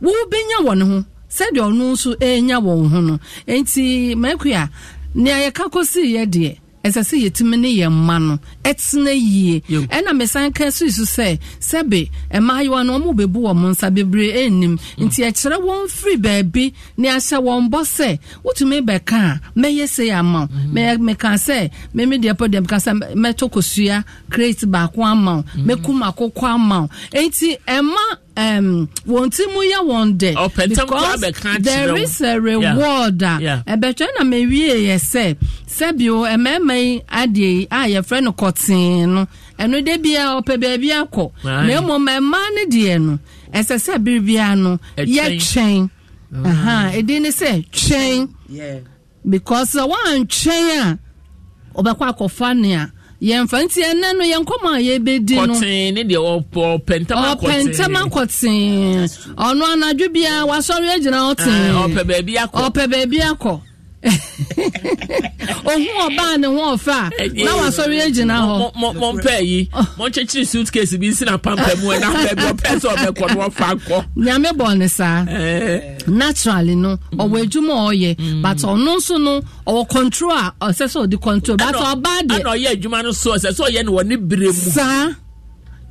wobɛnya wɔ ne ho sɛdeɛ ɔno nso ɛnya wɔ ho no nti maako nea yɛka deɛ ɛsɛ sɛ yɛtumi ne yɛ mma no ɛtena yie ɛna mesan ka so so sɛ sɛbe mmaayewa no ɔmo bɛbu wɔ mo nsa bebree ɛnnim mm. nti ɛkyerɛ wɔn firi baabi ne ahyɛ wɔn bɔ sɛ wotumi bɛka a mɛyɛ se ama wo meka mm. sɛ meme deɛ pɔ deɛ meka sɛ mɛtɔ kosua crate baako ama wo mm. mɛkum akokɔ ama wo enti ɛma um, wɔn ti mu yɛ wɔn dɛ because there is a reward a ɛbɛtwɛn na mewie yɛ sɛ sɛbio mmarima yi Adi, yi a yɛfrɛ no kɔtee no ɛno de bia ɔpɛ baabi akɔ na mmom mmaa no deɛ no ɛsɛ sɛ biribiara no yɛtwɛn ah. ɛdin ne sɛ twɛn because sɛ woantwɛn a ɔbɛkɔ akɔfa ne a yɛmfa nti ɛnɛ no yɛnkɔmɔ a yɛbɛdi no ɔpɛntɛm akɔtee ɔno anadwo biara wasɔre agyina ɔtee ɔpɛ baabi akɔ ohu ɔbaa ne ho ɔfa na wasɔre agyina hɔ mɔmpɛ yi mɔnkyekyere suitcase bi si na mu ɛna afɛ bi ɔpɛ sɛ ɔbɛkɔ no ɔfa kɔ nyame saa eh. naturally no a mm. but nso no control a ɔsɛ sɛ ɔde control but ɔbaa deɛ ɛna ɔyɛ adwuma no so ɔsɛ sɛ ɔyɛ mu saa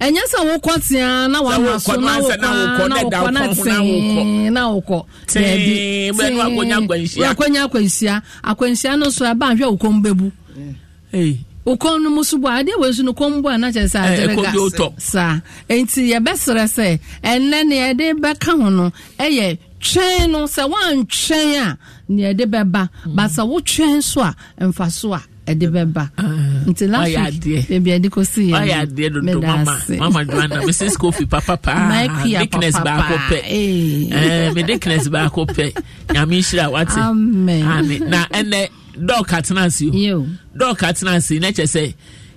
ɛnyɛ sɛ wokɔ tea na wama so na wokɔ na tee na wokɔ daabi akɔnya akwanhyia akwanhyia no so ɛba nhwɛ wo kɔm bɛbu wo kɔm no mu so bɔ adeɛ wɔ su no kɔm bɔ a na kyerɛ sɛ eh, aderega saa enti yɛbɛserɛ sɛ ɛnnɛ ne yɛde bɛka ho no ɛyɛ twɛn no sɛ woantwɛn a ne yɛde bɛba ba sɛ wotwɛn so a mfa so a ɛde bɛba ah. nti last week ebi ɛde ko si yɛ mi meda ase mama joanna mrs kofi papapa dickness baako pɛ ɛɛ eh, mi dickness baako pɛ nyame nhyira wate amen na ɛnɛ dɔɔ katena ase o dɔɔ katena ase ne kyɛ sɛ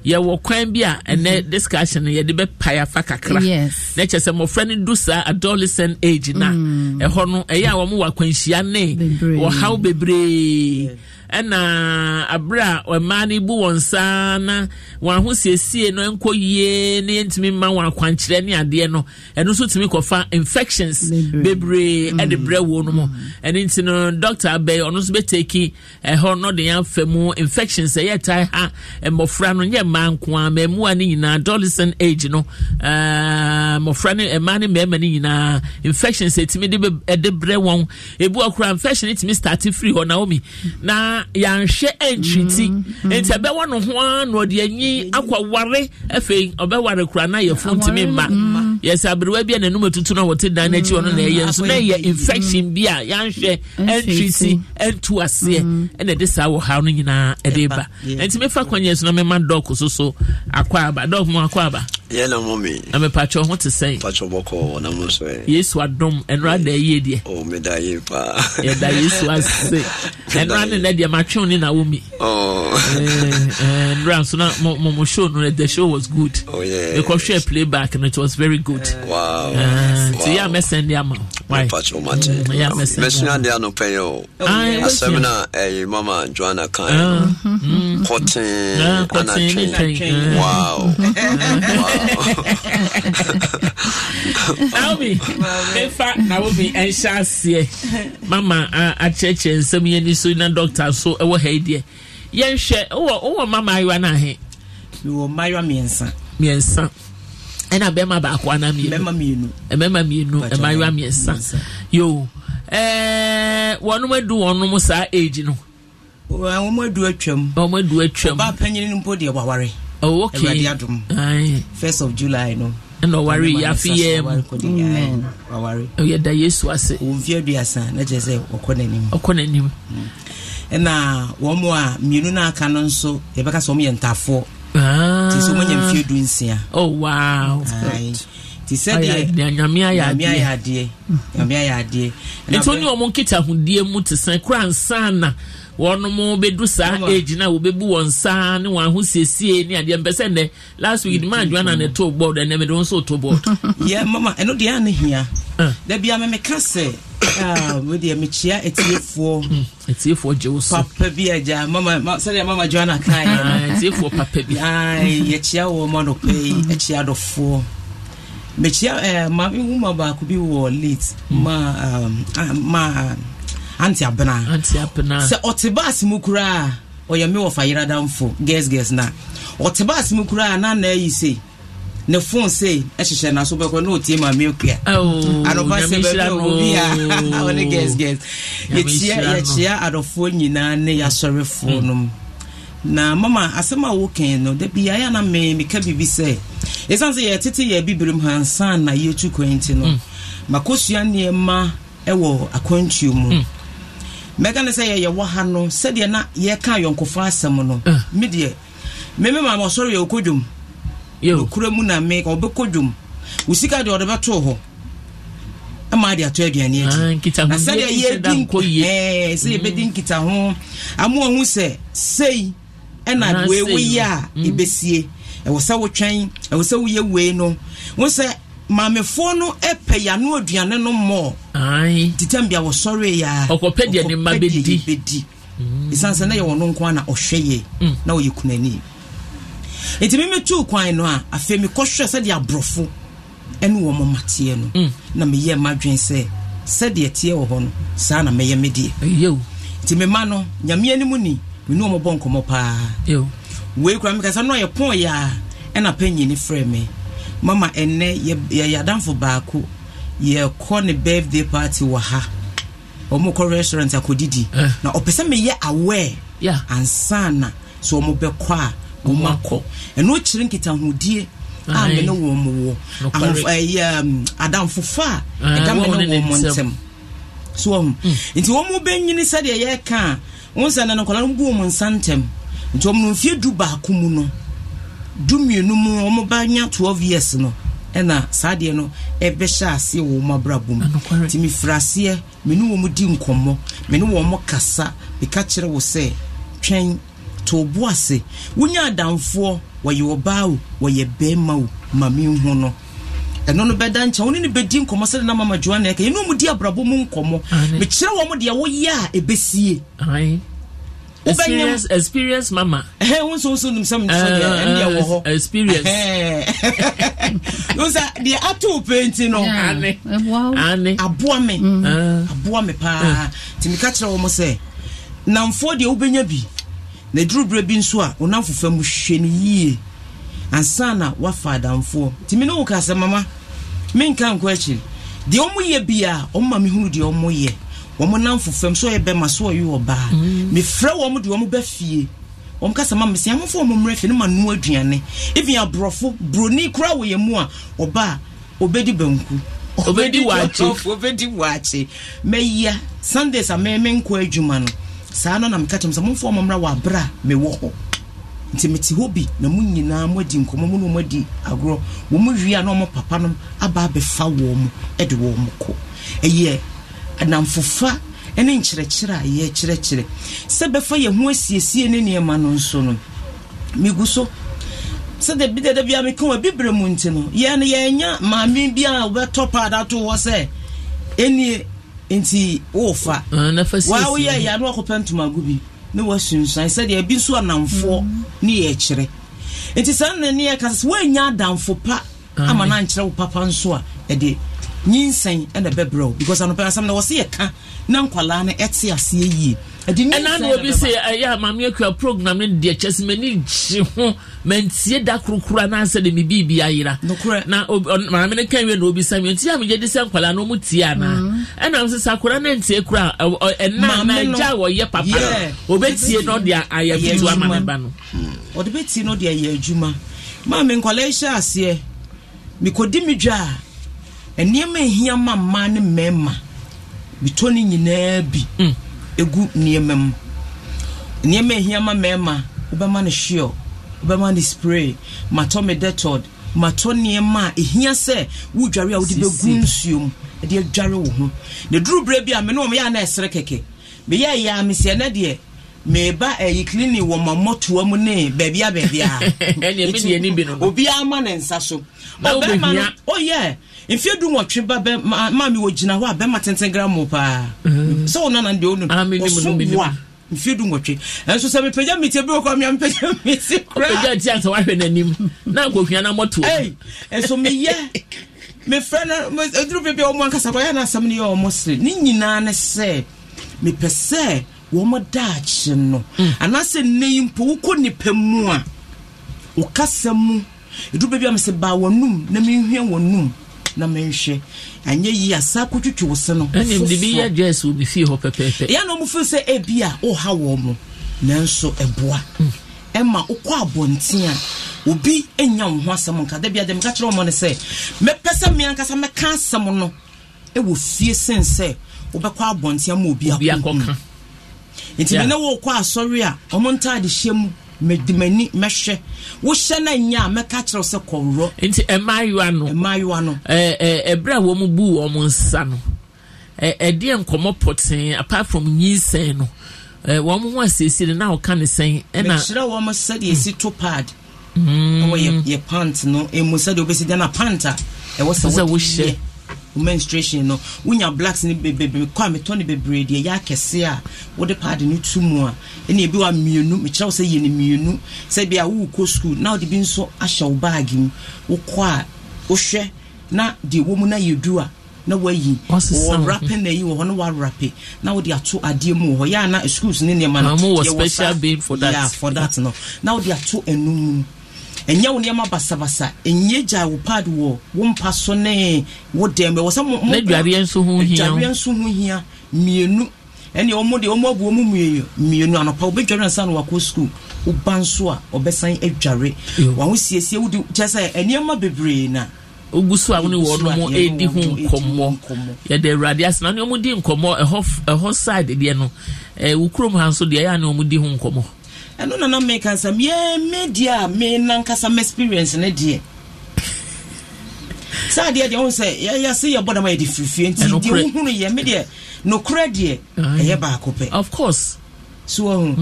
yɛwɔ kwan bi a ɛnɛ mm-hmm. discussion yɛde bɛ payafa kakra na kyerɛ sɛ mmɔfra no du saa adolescent age na mm. ɛhɔ no ɛyɛ a wɔn wɔ akwanhyia ne wɔhaw bebree ɛna abere a mmaa no bu wɔn nsa na wɔn ahosiesie no nkɔ yie na yɛntumi mma wɔn akwankyerɛ ne adeɛ no ɛno nso tumi kɔfa infections bebree mm. ɛde brɛ wɔn no mu ɛno nti no doctor abɛɛ ɔno nso teki ɛhɔ no de mu infections ɛyɛ ta ha mmɔfra no nyɛ mmaa nko a mmaamua no nyinaa adolescent age no mmɔfra no mmaa ne mmarima no nyinaa infections ɛtumi de ɛde brɛ wɔn ebu ɔkora infection tumi start firi hɔ naomi na. na mm-hmm. nti no ho ara na ɔde anyi akɔware afei ɔbɛware na yɛsɛ aberewa bi a n'anum atutu no wɔte dan na ɛyɛ na ɛyɛ infection bi a mm-hmm. aseɛ mm-hmm. ɛna ɛde saa wɔ na yɛna mɔme na mepatwɛ ho te sɛn patwɛ bɔkɔ ɔnam so ɛ yesu adom ɛnora da ɛyie deɛ o meda yie paa yɛda yesu ase ɛnora ne nɛ deɛ matwew ne na womi nnora eh, eh, nso na mɔmɔ show no the show was good oh, yeah. mekɔhwɛ playback and it was very good wow. uh, nti yɛ a mɛsɛn de ama mepatwɛ mate mm, mɛsua deɛ anɔpɛ yɛ o ah, asɛm no a ɛyɛ mama Joanna, kan kɔten anatwen wow mm-hmm. Mm-hmm. naomi mefa naomi ɛnhyɛ aseɛ mama akyerɛkyerɛ nsɛm yɛni so na dɔkta so ɛwɔ ha yi deɛ yɛnhwɛ wowɔ wowɔ mama ayewa no ahe mewɔ mmayewa mmiɛnsa mmiɛnsa ɛna bɛrima baako ana mmienu mmarima mmienu e mmayewa e mmiɛnsa yo ɛɛ e, wɔnom adu wɔnom saa age no wɔn adu atwam wɔn adu atwam ɔbaa panyin no mpo deɛ waware oh, okay. awurade adom first of july no ɛna ɔware yi afe yɛ mu ɔyɛda yesu ase ɔmfi aduasa na kyerɛ sɛ ɔkɔ n'anim ɔkɔ n'anim mm. ɛna wɔn mu a mmienu no aka no nso yɛbɛka sɛ wɔn yɛ ntafoɔ ah. nti sɛ wɔnyɛ mfie du nsia oh wow ti sɛdeɛ nyame ayɛ adeɛ nyame ayɛ adeɛ nti wɔn ne wɔn nkita hodie mu te sɛn kora nsa na wɔnom bɛdu saa age na wɔbɛbu wɔn saa ne wɔn ahosiesie ne adeɛ mpɛ sɛ last week maa joanna ne to board ɛnɛ mɛde wɔn nso to board. yɛ mama ɛno deɛ ano hia dabi ame meka sɛ medeɛ mekyia atiefoɔ atiefoɔ gye wo so papa bi agya mama sɛdeɛ mama joanna kaɛ atiefoɔ papa bi yɛkyia wɔ ma nɔpɛ yi akyia adɔfoɔ mekyia maame nwoma baako bi wɔ late ma um, ah, ma anti abena sɛ ɔte baase mu koraa ɔyɛ me wɔ fa yeradamfo gesges na ɔte baase mu koraa na na ayi sei ne phone se, ɛhyehyɛ n'aso bɛkɔ na otie ma milkia anɔpa sɛ bɛbi obi a ɔne gesges yɛkyia yɛkyia adɔfoɔ nyinaa ne yɛasɔrefoɔ mm. nom na mama asɛm a wokan no dabi ayɛ na me meka biribi sɛ ɛsiane sɛ yɛtete yɛ bibiri mu hansa na yɛtu kwan nti no mm. makɔsua nneɛma ɛwɔ akwantuo mu mm. mɛka ne sɛ yɛyɛwɔ ha no sɛdeɛ na yɛka ayɔnkofa asɛm no eh. me meme ma ɔsɔre yɛ ɔkɔ dwom ɔkura mu na me ɔbɛkɔ dwom wo sika deɛ ɔde bɛtoo hɔ de aduane ah, na eh, yɛbɛdi mm. nkita ho amoa sɛ sei ɛna wei a ɛbɛsie mm. ɛwɔ sɛ wotwɛn ɛwɔ sɛ woyɛ wei no wo maamefoɔ no pɛ yano aduane no mɔ titam bia wɔsɔre yɛa ɔkɔpɛ deɛ ne mma bɛdi bɛdi ɛsiane sɛ na yɛ wɔno nko ana ɔhwɛ yɛ mm. na ɔyɛ kunani nti memetuu kwan no a afei mekɔhwɛ sɛdeɛ aborɔfo ɛne wɔ mɔmateɛ no mm. na meyɛ madwen sɛ sɛdeɛ teɛ wɔ hɔ no saa na mɛyɛ me deɛ nti mema no nyame anim ni mene ɔmɔbɔ nkɔmmɔ paa wei kora mekasa na ɔyɛ pɔn yɛ a ɛna pɛ nyini frɛ me mama ɛnɛ yɛyɛadamfo baako yɛkɔ ne birthday party wɔ ha ɔmo kɔ restaurant akɔdidi eh. na ɔpɛ sɛ meyɛ aware yeah. ansa na sɛ ɔmo bɛkɔ a ɔmo akɔ ɛno kyerɛ nkitahodie a mene wɔ mo wɔ adamfofo eh, um, a eh, ɛda mene wɔ mo ntɛm so ɔho hmm. nti wɔn bɛnyini sɛdeɛ yɛka a wɔn nsa no no nkɔla no bu wɔn nsa ntɛm nti wɔn mfie du baako mu no du mmienu mu wɔn ba nya twelve years no ɛna saa deɛ no ɛbɛhyɛ aseɛ wɔ wɔn abrabɔ mu nti mefiri aseɛ mene wɔn di nkɔmmɔ mene wɔn kasa meka kyerɛ wɔ sɛ twɛn to bo ase wonya adamfoɔ wɔyɛ ɔbaa o wɔyɛ bɛrima o mame ho no ɛno no bɛda nkyɛn wɔn ne bɛdi nkɔmmɔ sɛde na mama joana ɛka yɛn no mu di abrabɔ mu nkɔmmɔ mekyerɛ wɔn deɛ wɔyɛ a ɛbɛsie experience experience mama. ɛhɛn wọn nso nso nimisɛn mi sɔn yɛ ɛn deɛ wɔ hɔ. experience. nsa deɛ ato penti no. ane ane aboa mi mm. eh. aboa mi paa eh. tí mi ka kyerɛ wɔn sɛ namfoɔ deɛ wobɛnya bi na duru berɛ bi nso a wɔnam fofa mu hwɛ no yie ansa na wafa adamfoɔ nti mi ne wo ka sɛ mama menka nkɔ akyiri deɛ wɔn yɛ bi a wɔn ma mi hunu deɛ wɔn yɛ wɔn nan fofam so ɔyɛ bɛma so ɔyɛ ɔbaa mm. mefrɛ wɔn de wɔn bɛ fie wɔn kasa ma mesia amafo wɔn mmerɛ fie ne ma nu aduane ebi aborɔfo broni kura wɔ yɛn mu a ɔbaa obedi banku obedi waakye obedi waakye mɛyia sundays a mɛmɛ nkɔ adwuma no saa no na meka kyɛm sɛ momfo wɔn mmerɛ wɔ abera mewɔ hɔ nti mete hɔ bi na mu nyinaa mo adi nkɔmmɔ mu na mo adi agorɔ wɔn mu na wɔn papa no aba abɛfa wɔn de wɔn kɔ ɛyɛ. E anamfofa ne nkyerɛkyerɛ a yɛkyerɛkyerɛ sɛ bɛfa yɛn ho asiesie ne nneɛma no nso no megu so sɛdeɛ bi dada bia meka wɔ bibire mu nti ah, no yɛn no yɛnya maame bi a wobɛtɔ paada to hɔ sɛ ɛnie nti wofa waa woyɛ yɛ ano akɔpɛ ntoma gu bi ne wasunsuan sɛdeɛ bi nso anamfoɔ mm-hmm. ne yɛkyerɛ nti saa nna ne yɛka sɛ woanya adamfo pa ama no ankyerɛ papa nso a ɛde e nyinsɛn ɛna bɛbrɛ because anopɛ asɛm na wɔsi yɛ ka na nkwalaa no ɛte aseɛ yie ɛna na obi sɛ ɛyɛ maame akua program no deɛ kyɛ sɛ m'ani gye ho mantie da korokora na asɛ de mebiribi ayera na maame no ka wie na obi sa me nti a megye de sɛ nkwalaa no ɔmu tie anaa mm. ɛna sɛ sɛ akora no ntie kora ɛna na agya a wɔyɛ papa no obɛtie no ɔde ayɛ fitu ama ne ba no mm. ɔde bɛtie no ɔde ayɛ adwuma maame nkwalaa hyɛ aseɛ mekɔdi me dwa a nneɛma ehia ma mmaa ne mmarima bitɔ ne nyinaa bi mm. egu nneɛma mu nneɛma ehia ma mmarima wobɛma no shield wobɛma no spray matɔ me detod matɔ nneɛma a ehia sɛ wodware a wode bɛgu nsuo mu ɛde adware wo ho na duru berɛ bi a me wɔn yɛ a na ɛsere kɛkɛ meyɛ yɛ a mesia na deɛ meba ɛyi eh, clinic wɔ ma mmɔtoa mu ne baabi a baabi a obiara ma ne nsa so ɔbɛrima no ɔyɛ mfie du nwɔtwe ba bɛ maame wɔ gyina hɔ a bɛma tenten gram mu paa mm-hmm. sɛ wo nana deɛ ɔnu ah, ɔso wo a mfie du nwɔtwe ɛnso sɛ mepagya metie bi wɔ kɔ mea mpagya mesi koraapagya ti asɛ wahwɛ n'anim na nkɔhwia na mɔto ɛnso meyɛ mefrɛ no ɛduru bebia ɔmo ankasa kɔyɛ no asɛm no yɛ ɔmo sere ne nyinaa ne sɛ mepɛ sɛ wɔn daakye no mm. anaasɛ nne yi mpo wokɔ nipa mu a wokasa mu ɛduru bebia mesɛ baa wɔnum na mehwɛ wɔnum na menhwɛ ɛnyɛ yi a saa kotwitwi wo se no na ɔmufiri sɛ ebi a woha wɔ mo nanso ɛboa ɛma wokɔ abɔnten a obi ɛnya wo ho asɛm nka da biada meka kyerɛ ɔmɔ no sɛ mɛpɛ sɛ me ankasa mɛka asɛm no ɛwɔ fie sen sɛ wobɛkɔ abɔnten ma obi akɔka nti mene wokɔ asɔre a ɔmo ntaade hyɛ mu m'ani mɛhwɛ wohyɛ no nya a mɛka kyerɛw sɛ kɔworɔ nti ɛmaayewa no ɛmaayewa no ɛberɛ a wɔn buu wɔn nsa no ɛdeɛ nkɔmmɔ pɔtee apart from nyinsɛn no wɔn ho asiesie no na ɔka ne sɛn ɛna mekyerɛ wɔn sɛdeɛ si mm. to pad mm. ɛwɔ yɛ pant no emu sɛdeɛ obesi deɛ na pant a ɛwɔ sɛ wɔhyɛ menstruation no wonya blacks no bebree kɔ a metɔ no bebree deɛ ɛyɛ akɛse a wode paade no tu mu a ɛne ebi wa mmienu mekyerɛ wo sɛ yɛ no mmienu sɛ bia wowu school na wode bi nso ahyɛ wo baage mu wokɔ a wohwɛ na deɛ wɔ mu na yɛdu a na wayi wɔ rape na yi wɔ hɔ na warape na wode ato adeɛ mu wɔ hɔ yɛ ana schools ne nneɛma no yɛwɔ sa yeah for that no na wode ato ɛnum mu ɛnyɛ wo nneɛma basabasa ɛnyɛ gya wo pad wɔ wo mpa so ne wo dɛm ɛwɔ sɛ na dwareɛ nso ho hia dwareɛ nso ho hia mmienu ɛne ɔmo de ɔmo abu ɔmo mmienu mmienu anɔpa wobɛdware nsa na wakɔ sukuu woba nso a ɔbɛsan adware waho siesie wode kyɛ sɛ ɛnneɛma bebree na ogu so a wone wɔnom ɛdi ho nkɔmmɔ yɛde awurade ase na ne ɔmudi nkɔmmɔ ɛhɔ side deɛ no wo kurom ha nso deɛ ɛyɛ a ne ɔmudi ho nkɔmmɔ ɛno nana meka sɛ meyɛ me deɛ a me nankasa me experience ne deɛ saa deɛ deɛ wohu sɛ yɛse yɛbɔ dama yɛde firifie nti deɛ wohunu yɛ me deɛ nokorɛ deɛ ɛyɛ baako pɛ of course so wahu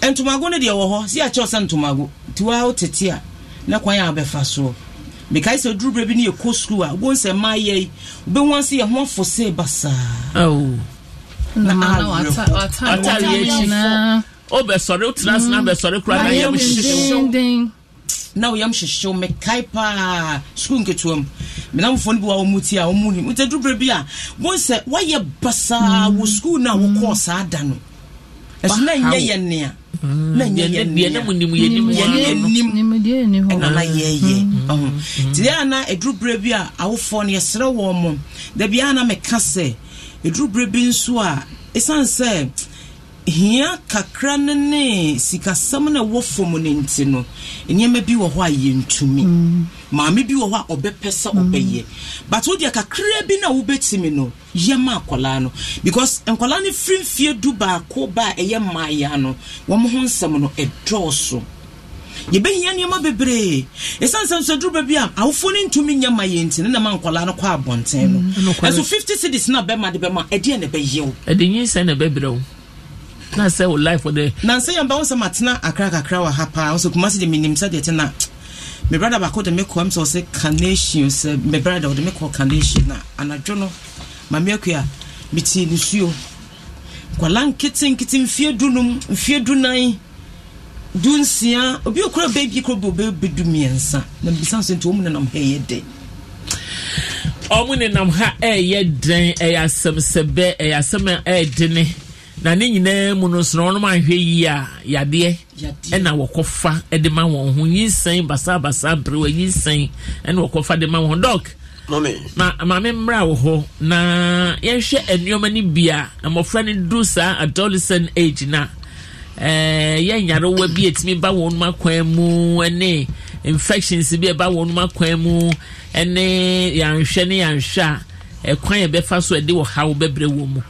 ntomago no deɛ wɔ hɔ sɛ yɛakyɛw sɛ ntomago nti woa wotete a na kwan a wobɛfa soɔ mekae sɛ duru berɛ bi ne yɛkɔ sukuu a wobohu sɛ ma yɛi wobɛhu ase yɛ ho afo se basaa na awerɛ hɔ atareɛ akyi wobɛsɔre wotena sena mm. bɛsɔre kora na yɛm hyehyew na woyam hyehyew mekae paa sukuu nketewa mu menamfoɔ no bi wa wɔmu ti a wɔmu nim nti aduru berɛ bi a wɔn sɛ woayɛ basaa mm. wɔ sukuu no a wokɔɔ saa da no ɛso na nyɛ yɛ nea mm. na nyɛ yɛnim ɛna na yɛyɛ nti deɛ ana aduru berɛ bi a awofoɔ no yɛserɛ wɔ mo da biaa na meka sɛ aduru berɛ bi nso a ɛsiane sɛ hia kakra no ne sikasɛm no ɛwɔ fam no nti no nneɛma bi wɔ hɔ a yɛntumi mm. maame bi wɔ hɔ a ɔbɛpɛ sɛ mm. ɔbɛyɛ but wodeɛ kakra bi no a wobɛtumi no yɛ ma akwadaa no because nkwadaa no firi mfie du baako ba a ɛyɛ mmaayea no wɔn ho nsɛm no ɛdɔɔso yɛbɛhia nneɛma bebree ɛsiane sɛ nso aduru baabi a awofoɔ no ntumi nyɛ ma yɛn nti ne nam nkwadaa no kɔ abɔnten no mm. ɛso fifty cities na bɛma de bɛma ɛdeɛ na ɛbɛyɛ wo ɛde wo na sɛ wo life for the. na nsɛ yɛn ba wɔn sɛ ma tena akra kakra wɔ ha paa wɔn kumasi de mi nim sɛ deɛ tena me brada baako de me kɔ ɛm sɛ ɔsɛ carnation sɛ me brada ɔde me kɔ carnation na anadwo no maame akua me ti nisuo nkwadaa nketenkete mfie dunum mfie dunan du nsia obi okura beebi kuro bɛ obe bedu mmiɛnsa na mbisa nso nti wɔn mu nenam ha yɛ dɛ. wɔn nenam ha ɛyɛ dɛn ɛyɛ asɛm sɛbɛ ɛyɛ asɛm ɛyɛ dene. na ne nyinaa mu no sona wɔnom ahwɛ yie a yadeɛ ɛna wɔkɔfa de ma wɔn ho yinsɛn basabasa berewa yinsɛn ɛna wɔkɔfa de ma wɔn ho dɔk ma maame mmra wɔ hɔ na yɛhwɛ nneɛma no bi a mmɔfra no duru saa adolescent age na ɛɛ yɛ nyarewa bi etimi ba wɔn akwan mu ne infections bi ɛba wɔn akwan mu ne yɛanhwɛ ne yɛanhwɛ a ɛkwan yɛ bɛfa so ɛde wɔ ha haw bɛbrɛ wɔ mu.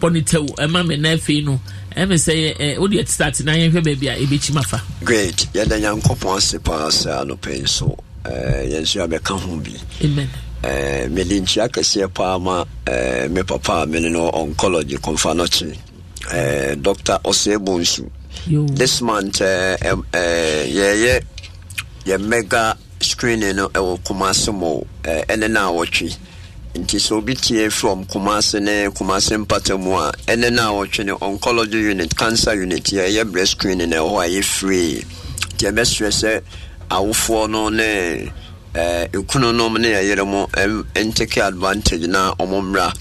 ponytail ɛma me na no ɛmɛ sɛ ɛ wode ɛte start na yɛnhwɛ baabi a ɛbɛkyim afa great yɛda nyankopɔn ase paa sɛ anɔpɛ yi so yɛn nso yɛbɛka ho bi amen mede nkyia kɛseɛ paa ma me papa a mene no oncology kɔmfa no kye dr ɔsɛbo nsu this month yɛyɛ yɛ mega screening no ɛwɔ kumase mo ɛne no a nti sɛ obi tie from kumase ne kumase mpata mu a ɛnɛ no a wɔtwe oncology unit cancer unit a ɛyɛ breast screening na ɛhɔ a ɛyɛ free nti ɛbɛserɛ sɛ awofoɔ no ne ɛkunu eh, nom ne ɛyere mu ntake advantage na ɔmo mmra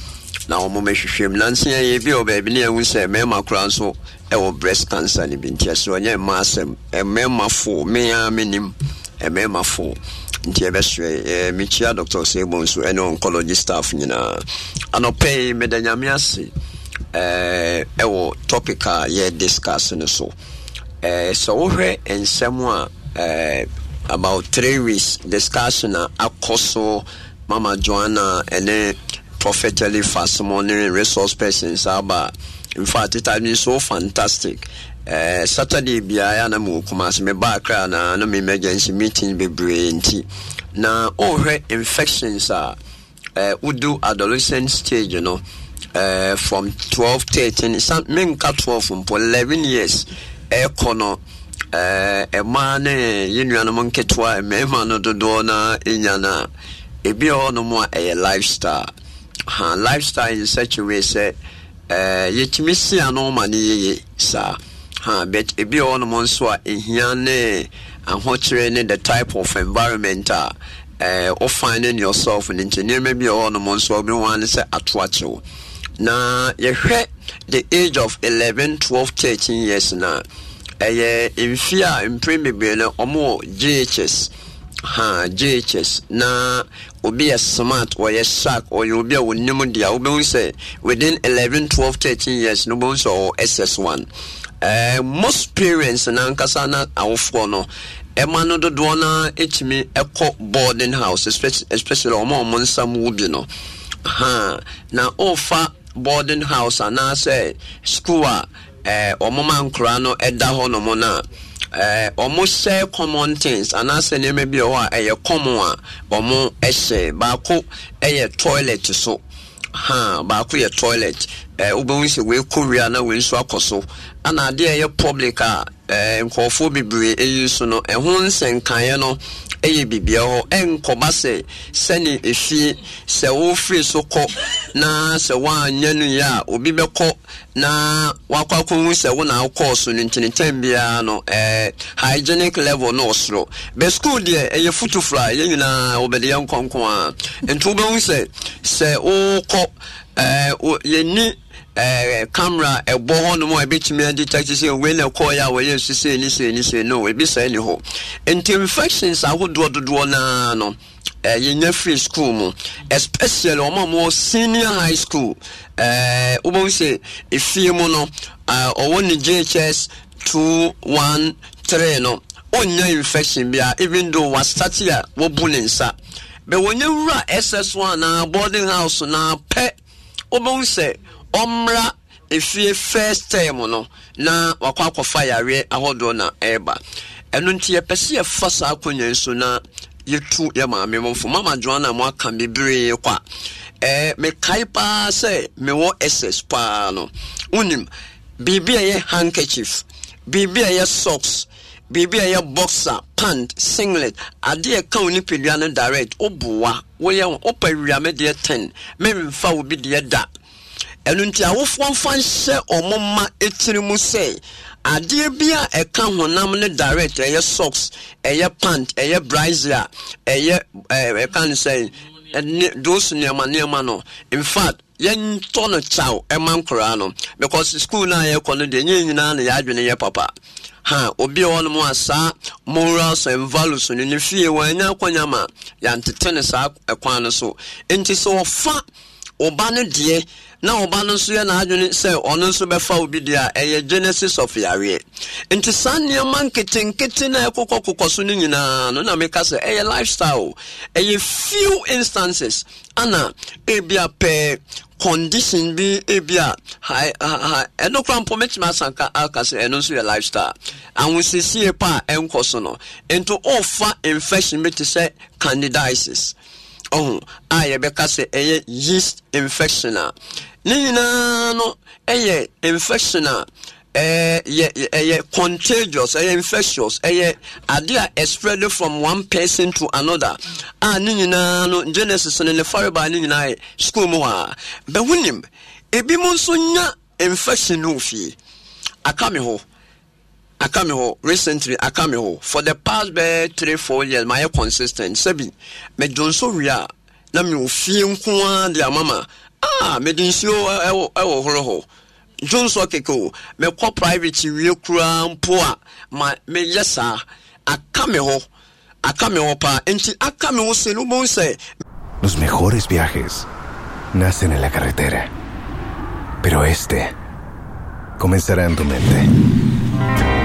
na ɔmo mɛhwehwɛ mu nansi yɛ bi wɔ baabi ne ɛhu sɛ mmarima koraa nso ɛwɔ breast cancer ne bi nti ɛsɛ ɔnyɛ mmaa asɛm mmarima fo mmea menim mmarima fo nti yɛbɛhwɛ eh, mekyia dr sebo nso ɛne oncology staff nyinaa anɔpɛ yi meda nyame ase eh, ɛwɔ topic a yɛ discuss no so eh, sɛ wohwɛ nsɛm a about three weeks discussion a akɔ so mama joanna ɛne prophetally eli fasmo ne resource persons aba in fact it has been so fantastic Uh, saturday biara na mu kumase meba akra na na me emergency meeting bebree nti na wohwɛ infections a uh, wodu adolescent stage you no know, uh, eh, from 12 13 sa menka 12 mpo eleven years ɛkɔ no ɛmaa ne yɛ nuanom nketewa mmarima no dodoɔ na ɛnya no a ebi hɔ nom a ɛyɛ lifestyle ha lifestyle in such a way sɛ yɛtumi si ano ma no yɛyɛ saa ha but ebi wɔ nom nso a ehia uh, ne ahokyerɛ ne the type of environment uh, uh, a ɛɛ ɔfinding yourself ne nkyɛn nneɛma bi wɔ nom nso a obi wɔn ano sɛ ato akyɛw na yɛhwɛ the age of eleven twelve thirteen years na ɛyɛ mfe a mpere bebree no wɔn wɔ ghs ha ghs na obi yɛ smart ɔyɛ shark ɔyɛ obi a wɔnim deɛ wobɛhu sɛ within eleven twelve thirteen years no wobɛhu sɛ ɔwɔ ss one. eh, most parents n'ankasa na awofoɔ no ɛma no dodoɔ na ɛtumi ɛkɔ boarding house especially ɔma ɔmo nsam wo bi no ha na ɔfa boarding house anaasɛ school a eh, ma nkora no ɛda hɔ nom no a eh, ɔmo hyɛ common things anaasɛ nneɛma bi ɛwɔ a ɛyɛ common a ɔmụ hyɛ baako yɛ toilet so ha baako yɛ toilet wobɛhu sɛ wei kɔ wia na wei nso akɔ so ana adeɛ ɛyɛ public a ɛɛ eh, nkɔɔfoɔ bebree ɛyi so no ɛho nsɛnkaeɛ no ɛyɛ bibia hɔ ɛnkɔba sɛ sɛne efie sɛ wofiri so kɔ na sɛ woanyɛ no yie a obi bɛkɔ na wakɔ akɔhu sɛ wo na akɔɔ no ntinitɛn biara no ɛɛ eh, hygienic level no ɔsoro bɛ school deɛ ɛyɛ futufura yɛn nyinaa wɔbɛde yɛn nkɔnkɔn a nti wobɛhu sɛ sɛ wokɔ ɛɛ eh, yɛni Eh, camera ɛbɔ hɔnom a ɛbɛtumi agye kyakye sɛ wei na ɛkɔɔyɛ a wɔyɛ nso sei ne sei ne sei no ebi saa ni hɔ nti infections ahodoɔ dodoɔ naa no eh, yɛnya firi school mu especially wɔn a wɔwɔ senior high school eh, wobɛhu sɛ efie mu no ɔwɔ ah, ne jhs two one three no ɔnya infection bia even though wasate a wɔbu ne nsa bɛ wɔnyɛ wura ss1 na boarding house na pɛ wobɛhu sɛ ɔmmra efie first term no na wakɔ akɔfa yareɛ ahodoɔ na ɛreba ɛno nti yɛpɛ sɛ yɛfa saa akonnwa nso na yɛtu yɛ maame mu mfo mama joana mo aka bebree kɔ a ɛɛ mekae paa sɛ mewɔ excess paa no wonim biribi a ɛyɛ handkerchief biribi a ɛyɛ socks biribi a ɛyɛ boxer pant singlet adeɛ ɛka wo nipadua no direct woboa woyɛ wopɛ wiame deɛ 10 memfa wo bi deɛ da ɛnu nti awofoɔ nfa nhyɛ wɔn mma etiri mu sɛ adeɛ bi a ɛka honam ne direct ɛyɛ socks ɛyɛ pant ɛyɛ brazier ɛyɛ ɛɛ ɛka ne sɛ ɛne those nneɛma nneɛma no in fact yɛntɔ no kyaw ɛma nkoraa no because school naa yɛkɔ no deɛ nyɛ nyinaa na yɛadwene yɛ papa ha obi a wɔnom a saa morals and values no ne fie wɔanya akɔnya ma yɛantete ne saa ɛkwan no so nti sɛ wɔfa ɔba no deɛ na ɔba no nso yɛ n'adwene sɛ ɔno nso bɛfa obi deɛ a ɛyɛ genesis of yareɛ nti saa nneɛma nketenkete na ɛkokɔkokɔ so no nyinaa no na meka sɛ ɛyɛ lifestyle ɛyɛ few instances ana ebia pɛɛ condition bi ebi a ɛno kora mpo mɛtumi asanka aka sɛ ɛno nso yɛ lifestyle ahosiesie pa a ɛnkɔ so no nti ɔrefa infection bi te sɛ candidiasis ɔho a yɛbɛka sɛ ɛyɛ yeast infection a ne nyinaa no ɛyɛ infection a ɛyɛ contagious ɛyɛ infectious ɛyɛ ade a ɛspread from one person to another a ne nyinaa no genesis no ne farebaa ne nyinaa yɛ school mu hɔ a bɛho ebi mu nso nya infection no fie aka me ho aka mi hɔ recently aka mi hɔ for the past bɛɛ three four years maa yɛ consistent sɛbi mɛ donso wia na mi ò fie nkoa de ama ma aa ah, mɛ di nsuo ɛwɔ e, e, e, horo hɔ donso keke o mɛ kɔ private wie kura mpo a ma mɛ yɛ saa aka mi hɔ aka mi hɔ paa nti aka mi hɔ sɛ no bɔn sɛ. los mejores viajes nacen en la carretera pero este comenzará en tu mente.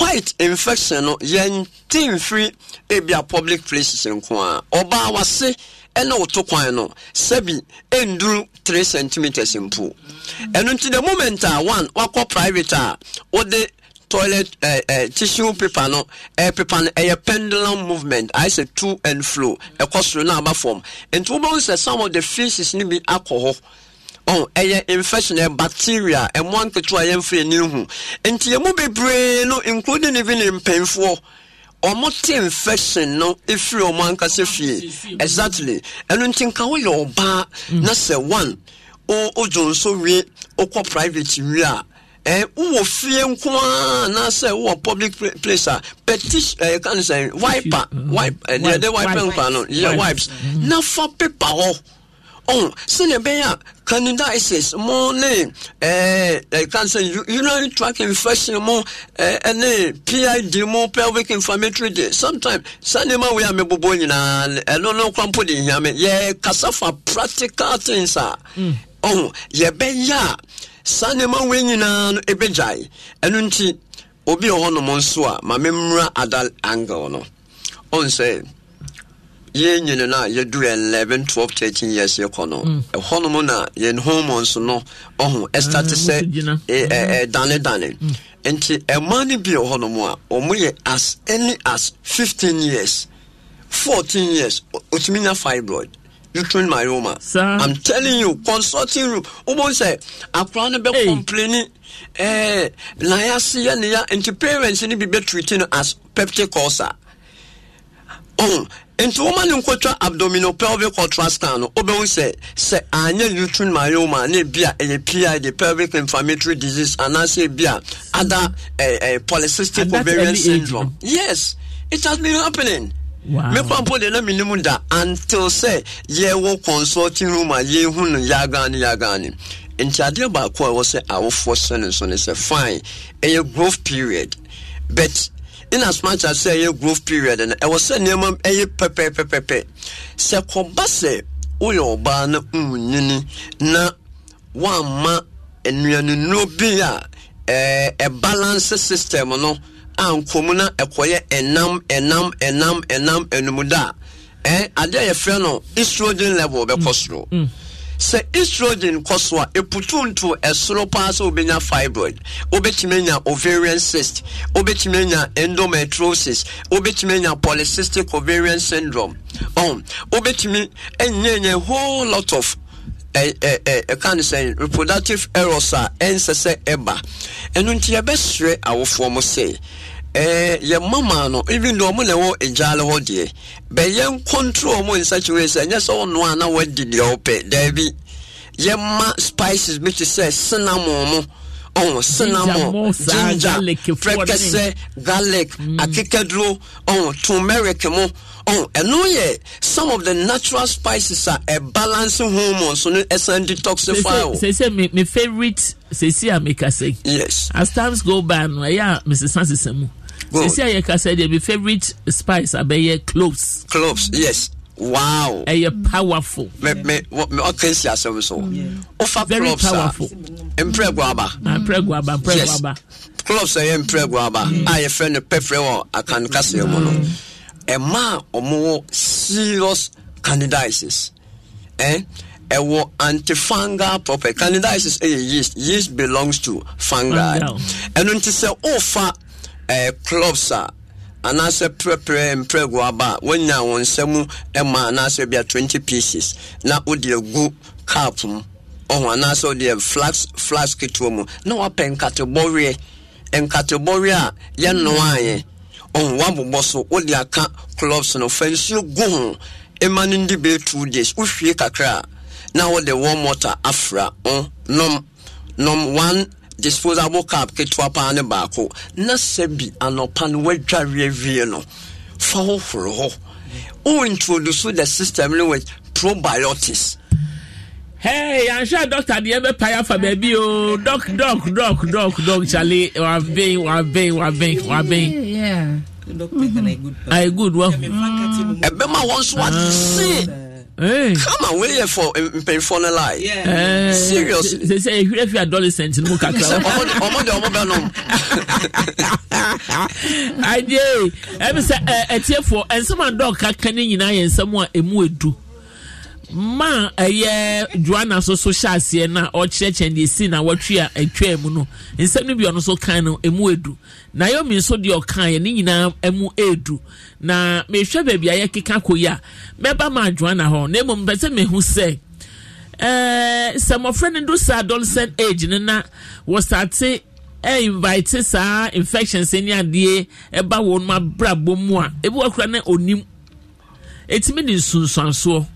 white infection no yɛn ti nfiri ebi a public places nko a ɔbaa wase ɛna ɔto kwan no sɛbi nduru three centimetres mpo ɛno nti the moment a one wakɔ private a wɔde toilet uh, uh, tissue paper no uh, paper no ɛyɛ pendulum movement ayɛ sɛ to and flow, ɛkɔ soro na aba fam nti wɔbɛn sɛ some of the faces ni bi akɔ hɔ ɔn oh, ɛyɛ infection ɛ bacteria ɛmo nketewa yɛn firi ni hu nti ɛmu bebree no including even mpanyinfoɔ wɔn te infection no efiri wɔn ankasa fie exactly ɛnu nti nka wɔyɛ ɔbaa mm. na sɛ one o o dzonso wie o kɔ private wie a ɛ wowɔ fie nko ara anaasɛ wowɔ public place a petish ɛ kan sɛ wipe ɛ deɛ de wipe nkwa no yɛ wipes mm. nafa paper hɔ. Oh, ɔn sɛdeɛ bɛyɛ a candidiasis mu ne ɛɛ ɛka sɛ urinary tract infection mu and ɛne pid mu pelvic inflammatory de sometimes saa nneɛma wei a mebobɔ nyinaa ɛno I don't know, hia me yɛ kasa fa practical things hmm. oh, a ɔn yɛbɛyɛ a saa nneɛma wei nyinaa no ebɛgyae ɛno nti obi wɔ hɔnom nso a maame mmra ada angle oh, no ɔn oh, sɛ yɛn nyina no a yɛduru 11 12 13 years yɛkɔ no mm. ɛhɔ nom na yɛn hormones no ɔho ɛstate sɛ mm. danedane mm. nti ɛma no bi ɛhɔ nom a ɔmo yɛ as any as 15 years 14 years ɔtumi nya fibroid uterine myoma i'm telling you consulting room wobɔ sɛ akora no bɛcomplaini eh, na yɛase yɛ ne ya nti parents no bi bɛtreati no as peptic ulcer nti wɔma ne abdominal pelvic ultrasound no wobɛhu sɛ sɛ anyɛ lutrin myoma ne bia ɛyɛ pi de pelvic inflammatory disease anaasɛ bia ada eh, eh, polycystic ovarian syndrome yes it has been happening mekɔ mpo de na menim da until sɛ yɛwɔ consulting room a yɛhu no yɛagane yɛagane nti adeɛ baako a ɛwɔ sɛ awofoɔ sɛ no nso ne sɛ fine ɛyɛ growth period but in as much as say ɛyɛ growth period no ɛwɔ sɛ nneɛma ɛyɛ pɛpɛpɛpɛpɛ sɛ kɔba sɛ woyɛ ɔbaa no nwunyini na wamma nnuanenuo bi a ɛɛ ɛbalance system no a nkɔmu na ɛkɔyɛ ɛnam ɛnam ɛnam ɛnam ɛnum da ɛɛ adeɛ a yɛfrɛ no estrogen level bɛkɔ soro. Mm. Mm sɛ estrogen kɔ so a eputuntu ɛsoro paa sɛ obenya fibroid obetumi anya ovarian cyst obetumi anya endometriosis obetumi anya polycystic ovarian syndrome ɔn obetumi anya whole lot of ɛka ne sɛ reproductive errors a ɛnsɛ sɛ ɛba ɛno nti yɛbɛsrɛ awofoɔ mo sɛ ɛɛ yɛ mama no even though ɔmo na ɛwɔ egyaale hɔ deɛ bɛyɛ nkontrol mu nsakyiwesi ɛnyɛ sɛ ɔno a na wadi deɛ ɔpɛ daabi yɛma spices bi te sɛ cinnamon mu ɔn oh, cinnamon ginger fɛkɛsɛ garlic mm. akekaduro ɔn oh, turmeric mu ɔn ɛno yɛ some of the natural spices a ɛbalance hormones no ɛsan detoxify o. sese mi mi favourite sese a mi ka se. yes as times go by no ɛyɛ a mrs sansisa mu sisi a yɛka sɛ deɛ bi favourite spice abɛyɛ cloves. cloves yes wow. ɛyɛ powerful. mɛ mɛ ɔkè si asɛm so. ofa cloves a mpere guaba. mpere guaba mpere guaba. cloves ɛyɛ eh, mpere guaba a yɛfrɛ no pɛfrɛ wɔ akankaseɛ mu no ɛmaa ɔmo wɔ serious candidiasis ɛn. Eh? ɛwɔ eh, antifungal proper candidiasis ɛyɛ eh, yeast yeast belongs to fungi And when you say oh fa ɛɛ eh, clubs a anaasɛ prɛprɛ mprɛgo aba a wonya wɔn nsɛm ma anaasɛ bia twenty pieces na wode agu cap mu ɔho anaasɛ wode flax flax ketewa mu na wapɛ nkatebɔweɛ nkatebɔweɛ a yɛnoaayɛ ɔho woabobɔ so wode aka clubs no fa nsuo gu ho ɛma no ndi bɛɛ two days wohwie kakra a na wode warm water, afra ɔ nom nom one disposable cap ketewa paa ne baako na sɛ anɔpa no wadwareawie no fa hohoro hɔ wointroduce the system no with probiotics Hey, I'm sure Doctor the ever pay for baby. Oh, doc, doc, doc, doc, doc, Charlie. I've been, I've been, I've been, I've been. Yeah. Doctor, mm-hmm. I good. I good. Well, Ebema wants what you say kama wei yɛ fɔ mpanyinfoɔ ne lai serious sɛ sɛ ehwere fi adolescent no mu kakra ɔmo de ɔmo bɛ nom adeɛ ebi eh, eh, sɛ ɛtiɛfoɔ eh, nsɛm a dɔɔ kaka ne nyinaa yɛ nsɛm a emu edu. ma ɛyɛ joanna nso so na ɔkyerɛkyerɛ deɛ si na wɔtwe a atwa mu no nsɛm no bi ɔno nso kan no ɛmu edu na yomi nso deɛ ɔkan yɛ ne nyinaa ɛmu edu na mehwɛ baabi a yɛkeka kɔ yi a mɛba ma joanna hɔ na mmom bɛ sɛ mehu sɛ ɛɛ sɛ mmɔfra no do sɛ adolescent age no na wɔsate ɛinvite saa infections ne adeɛ ɛba wɔn mu abrabɔ mu a ebi wɔkura na onim etimi de nsonsansoɔ.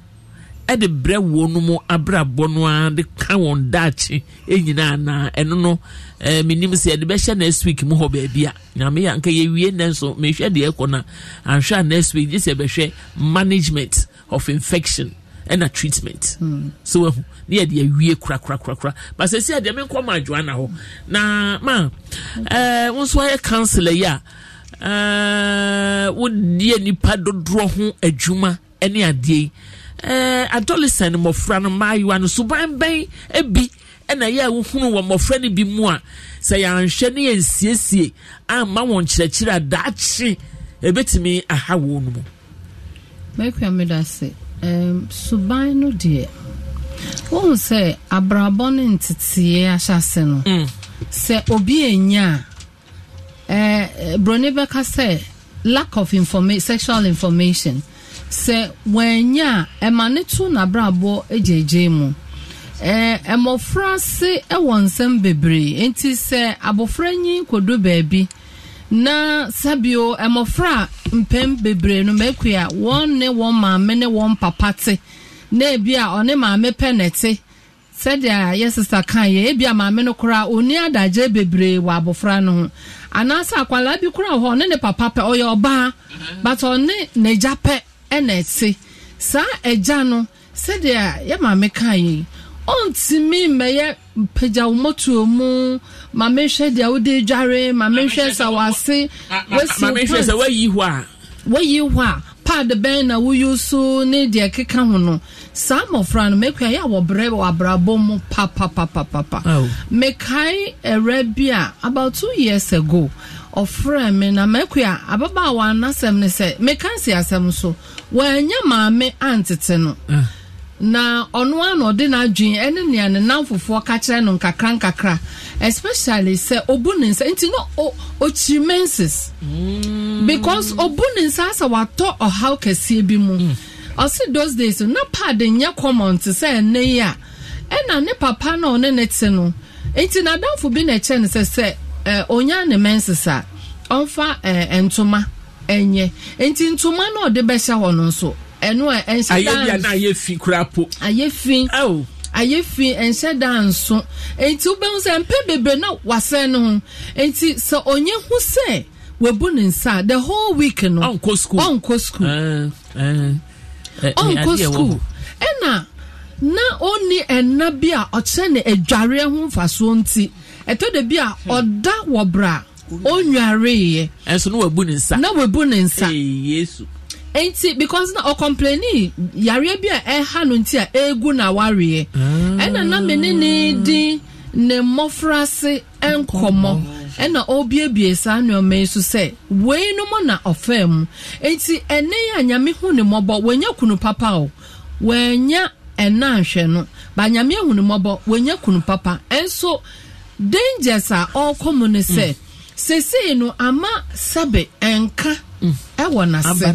ɛde brɛ wɔn no mu abrabɔ no a de ka wɔn daakye nyinaa na ɛno no ɛɛ menim sɛ yɛde bɛhyɛ next week mu hɔ baabi a nyame ya anka yɛwie nɛ nso mehwɛ deɛ ɛkɔ na anhwɛ a next week gye sɛ bɛhwɛ management of infection ɛna treatment mm. so wahu ne yɛde awie korakorakorakora basɛ si adeɛ menkɔ ma na hɔ na ma ɛɛ nso ayɛ councilor yi a ɛɛ wodeɛ nipa dodoɔ ho adwuma ɛne adeɛ yi ɛɛ eh, adolescent mmɔfra no mmaayewa no suban bɛn ebi ɛna yɛ ahuhuru wɔ mmɔfra no bi mu a sɛ yɛanhwɛ ne yɛnsiesie amma wɔn kyerɛkyerɛ a daakye ebetumi aha wɔn mu. mɛkua mi da se um, suban no deɛ wohu sɛ abrabɔ no nteteeɛ ahyɛ no mm. sɛ obi ɛnya a eh, eh buroni bɛka sɛ lack of informa sexual information sɛ wɔanya a ɛma ne to n'abrabɔ agyagyae mu mmɔfra se wɔ nsɛm bebree nti sɛ abɔfra nyi kɔdo baabi na sabio mmɔfra mpɛm bebree no mako a wɔn ne wɔn maame ne wɔn papa te na ebi a ɔne maame pɛ ne te sɛdeɛ yɛ sisa kan yɛ ebi a maame no koraa oni adagye bebree wɔ abɔfra no ho anaasɛ akwalaa bi koraa hɔ ɔne ne papa pɛ ɔyɛ ɔbaa bata ɔne n'agya pɛ. na ɛte saa agya no sɛdeɛ yɛ maame ka yi ɔntumi mmɛyɛ pagya wo mɔtuo mu maame hwɛ deɛ wode dware maame hwɛ sa wase wasi wayi hɔ a paad bɛn na woyi so ne deɛ keka ho no saa mmɔfra no mekua yɛ a wɔbrɛ wabrabɔ mu papapapapa mekae ɛwura bi a about two years ago ɔfrɛ me na mɛkɔ a ababaawa n'asɛm ne sɛ mekansi asɛm so wɔanya maame antete no eh. na ɔno ano ɔde n'adwene ɛne nea ne nan fofoɔ ka kyerɛ no nkakra nkakra especially sɛ obu ne nsa nti no okyi menses mm. because obu ne nsa asɛ watɔ ɔhaw kɛseɛ bi mu mm. ɔsi those days na paadi nyɛ common te sɛ ɛnɛ yi a ɛna ne papa na ɔne ne te no nti n'adanfo bi na ɛkyɛ ne sɛ sɛ. Eh, onye ne mensesa ɔmfa eh, ntoma enye nti ntoma na ɔde bɛhyɛ hɔ no nso ɛno eh, a ɛnhyɛ dan ayɛ fi kura po ayɛ fi nti wobɛhu sɛ mpɛ bebree na wasɛn no ho nti sɛ onye hu sɛ wabu ne nsa whole week no ɔnkɔ school ɔnkɔ school ɔnkɔ school na ɔnni ɛna bi a ɔkyerɛ ne adwareɛ nti. ɛtɔ da bi a ɔda wɔ bra onwareeɛ ɛnso na wabu ne nsa na wabu ne nsa yesu nti because na ɔkɔmpleni yareɛ bi a ɛha no nti a egu na wareɛ ah. ɛna na me ne di din ne mmɔfra se nkɔmmɔ ɛna ɔrebuebue saa nneɛma yi so sɛ wei no mo na ɔfɛɛ mu nti ɛne a nyame hu ne mmɔbɔ wɔnyɛ kunu papa o wɔanya ɛna ahwɛ no ba nyame ahu ne mmɔbɔ wɔanya kunu papa ɛnso. dangers a ɔrekɔ mu no sɛ mm. sesei no ama sɛbe nka mm. ɛwɔ n'ase